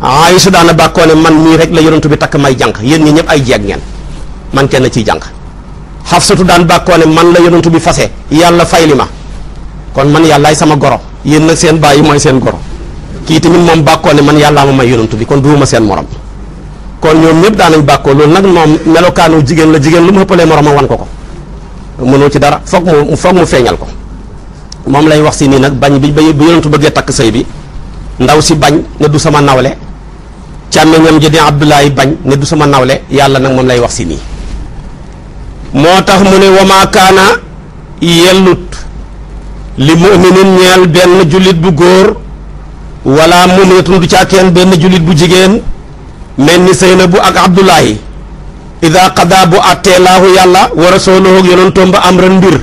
Aïcha daana bàkkoo ne man mii rek la yonent bi takk may jànq yéen ñi ñëpp ay jeeg ngeen man kenn ciy jànq Xafsatu daan bàkkoo ne man la yonent bi fase yàlla fay li ma kon man yàllaay sama goro yéen nag seen bàyyi mooy seen goro kii tamit moom bàkkoo ne man yàllaa ma may yonent bi kon duuma seen morom kon ñoom ñëpp daanañ bàkkoo loolu nag moom melokaanu jigéen la jigéen lu mu ëppalee moromam wan ko ko mënoo ci dara foog mu foog mu feeñal ko moom lay wax si nii nag bañ bi bi yonentu bëggee takk sëy bi ndaw si bañ ne du sama nawle càmmeñam ji di Abdoulaye bañ ne du sama nawle yàlla nag moom lay wax si nii moo tax mu ne wama kaana yellut li muminin ñeel benn jullit bu góor wala muminatun du caa kenn benn jullit bu jigéen mel na Seynabu ak Abdullahi ida qada bu àttee laahu yàlla wa rasuuluhu ak yonentoom ba amran mbir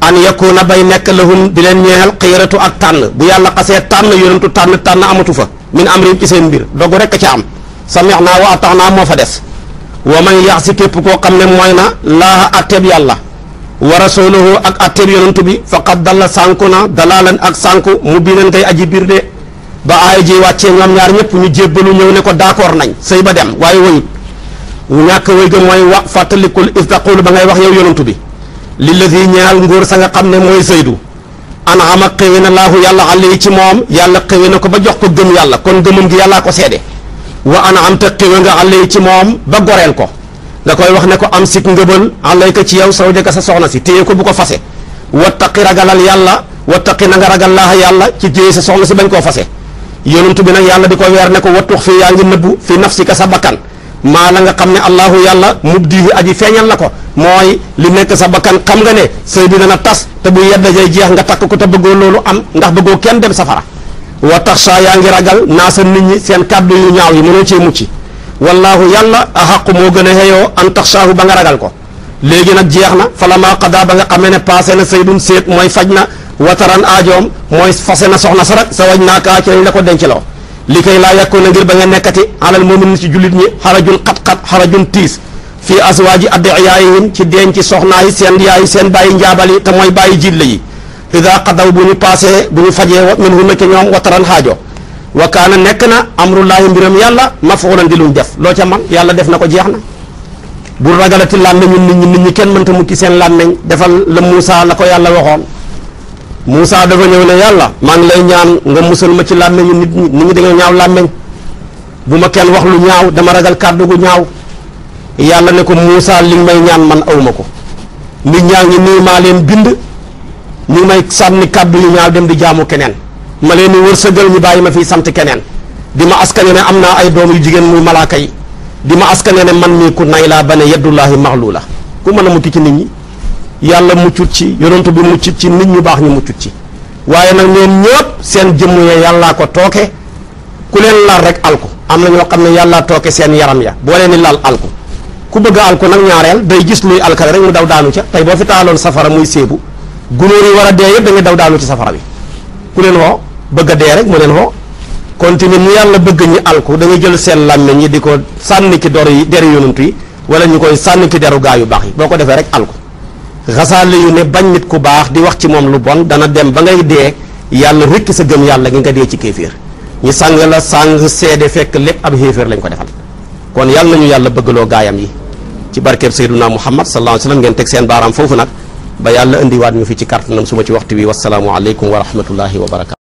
an na bay nekk lahum di leen ñeexal xiyaratu ak tànn bu yàlla xasee tànn yonentu tànn tànn amatu fa min amrim ci seen mbir dogu rekk ca am samixnaa wa ataxnaa moo fa des wa man yax képp koo xam ne mooy na laaha atteeb yàlla wa rasuuluhu ak atteeb yonentu bi faqad dalla sànku na dalaalan ak sànku mu biinan aji biir de ba aay ji wàccee ñoom ñaar ñëpp ñu jébbalu ñëw ne ko d'accord nañ sëy ba dem waaye woyut mu ñàkk way gëm mooy wax fàttalikul is taqulu ba ngay wax yow yonantu bi lillazi ñaal ngóor sa nga xam ne mooy Zaydu anama xéwé na laahu yàlla alay ci moom yàlla xéwé na ko ba jox ko gëm yàlla kon gëmam gi yàllaa ko seede wa anam te xéwé nga alay ci moom ba goreel ko nga koy wax ne ko am sik ngëbal alay ko ci yow saw jëkka sa soxna si téye ko bu ko fase wattaqi ragalal yàlla wattaqi na nga ragal laaha yàlla ci téye sa soxna si bañ koo fase yonent bi nag yàlla di ko weer ne ko wattux fii yaa ngi nëbbu fi nafsika sa bakkan maa la nga xam ne allahu yàlla mubdihi yi feeñal na ko mooy li nekk sa bakkan xam nga ne sëy bi na tas te bu yedda jay jeex nga takk ko te bëggoo loolu am ndax bëggoo kenn dem safara wa tax saa yaa ngi ragal naa sa nit ñi seen kàddu yu ñaaw yi mënoo ci mucc wallaahu yàlla a xaqu moo gën a xeyoo an tax saahu ba nga ragal ko léegi nag jeex na fala maa qadaa ba nga xamee ne passé na saydun séet mooy faj na wataran aajoom mooy fase na soxna sarak sa waj naakaa ci lañ la ko denc loo li koy laa yàkkoo na ngir ba nga nekkati alal moomin ni ci jullit ñi xarajun xat-xat xarajun tiis fii aswaaji adiyaayihim ci denc soxnaa yi seen yaayi seen bàyyi njaabal yi te mooy bàyyi jiit la yi ida qadaw bu ñu paasee bu ñu fajee min hunna ci ñoom wataran xaajo wa kaana nekk na amrullaahi mbiram yàlla mafuulan di luñ def loo ca man yàlla def na ko jeex na bu ragalati làmmeñu nit ñi nit ñi kenn mënta mukki seen làmmeñ defal la Muusaa la ko yàlla waxoon Moussa dafa ñëw ne yàlla maa ngi lay ñaan nga musal ma ci làmmeñu nit ñi nit ñi dañoo ñaaw làmmeñ bu ma kenn wax lu ñaaw dama ragal kàddu gu ñaaw yàlla ne ko Moussa li may ñaan man awma ko nit ñaa ngi nii maa leen bind mu may sànni kàddu yu ñaaw dem di jaamu keneen ma leen di wërsëgal ñu bàyyi ma fiy sant keneen di ma askane ne am naa ay doom yu jigéen muy malaaka yi di ma askane ne man mii ku nay laa ba ne yeddullaahi maxlu la ku mën a mucc ci nit ñi yàlla muccut ci yonent bi muccut ci nit ñu baax ñu muccut ci waaye nag ñoom ñëpp seen jëmm ya yàllaa ko tooke ku leen laal rek alku am na ñoo xam ne yàllaa tooke seen yaram ya boo leen laal alku ku bëgg a alku nag ñaareel day gis luy alkale rek mu daw daanu ca tey boo fi taaloon safara muy séebu gunóor yi war a dee yëpp da nga daw daanu ci safara bi ku leen woo bëgg a dee rek mu leen woo kon tamit mu yàlla bëgg ñi alku da nga jël seen làmmiñ yi di ko sànni ci dor yi deru yonent yi wala ñu koy sànni ci deru yu baax yi boo ko defee rek alku xasaale yu ne bañ nit ku baax di wax ci moom lu bon dana dem ba ngay dee yàlla rëkki sa gëm yàlla gi nga dee ci kéeféer ñu sàng la sàng seede fekk lépp ab xéeféer lañ ko defal kon yàlla nañu yàlla bëggaloo gaayam yi ci barkeeb sayyiduna muhammad sallallahu alayhi wa sallam ngeen teg seen baaraam foofu nag ba yàlla indiwaat ñu fi ci kàttanam suma ci waxtu wi wasalaamu aleykum wa rahmatullahi wa barakaatu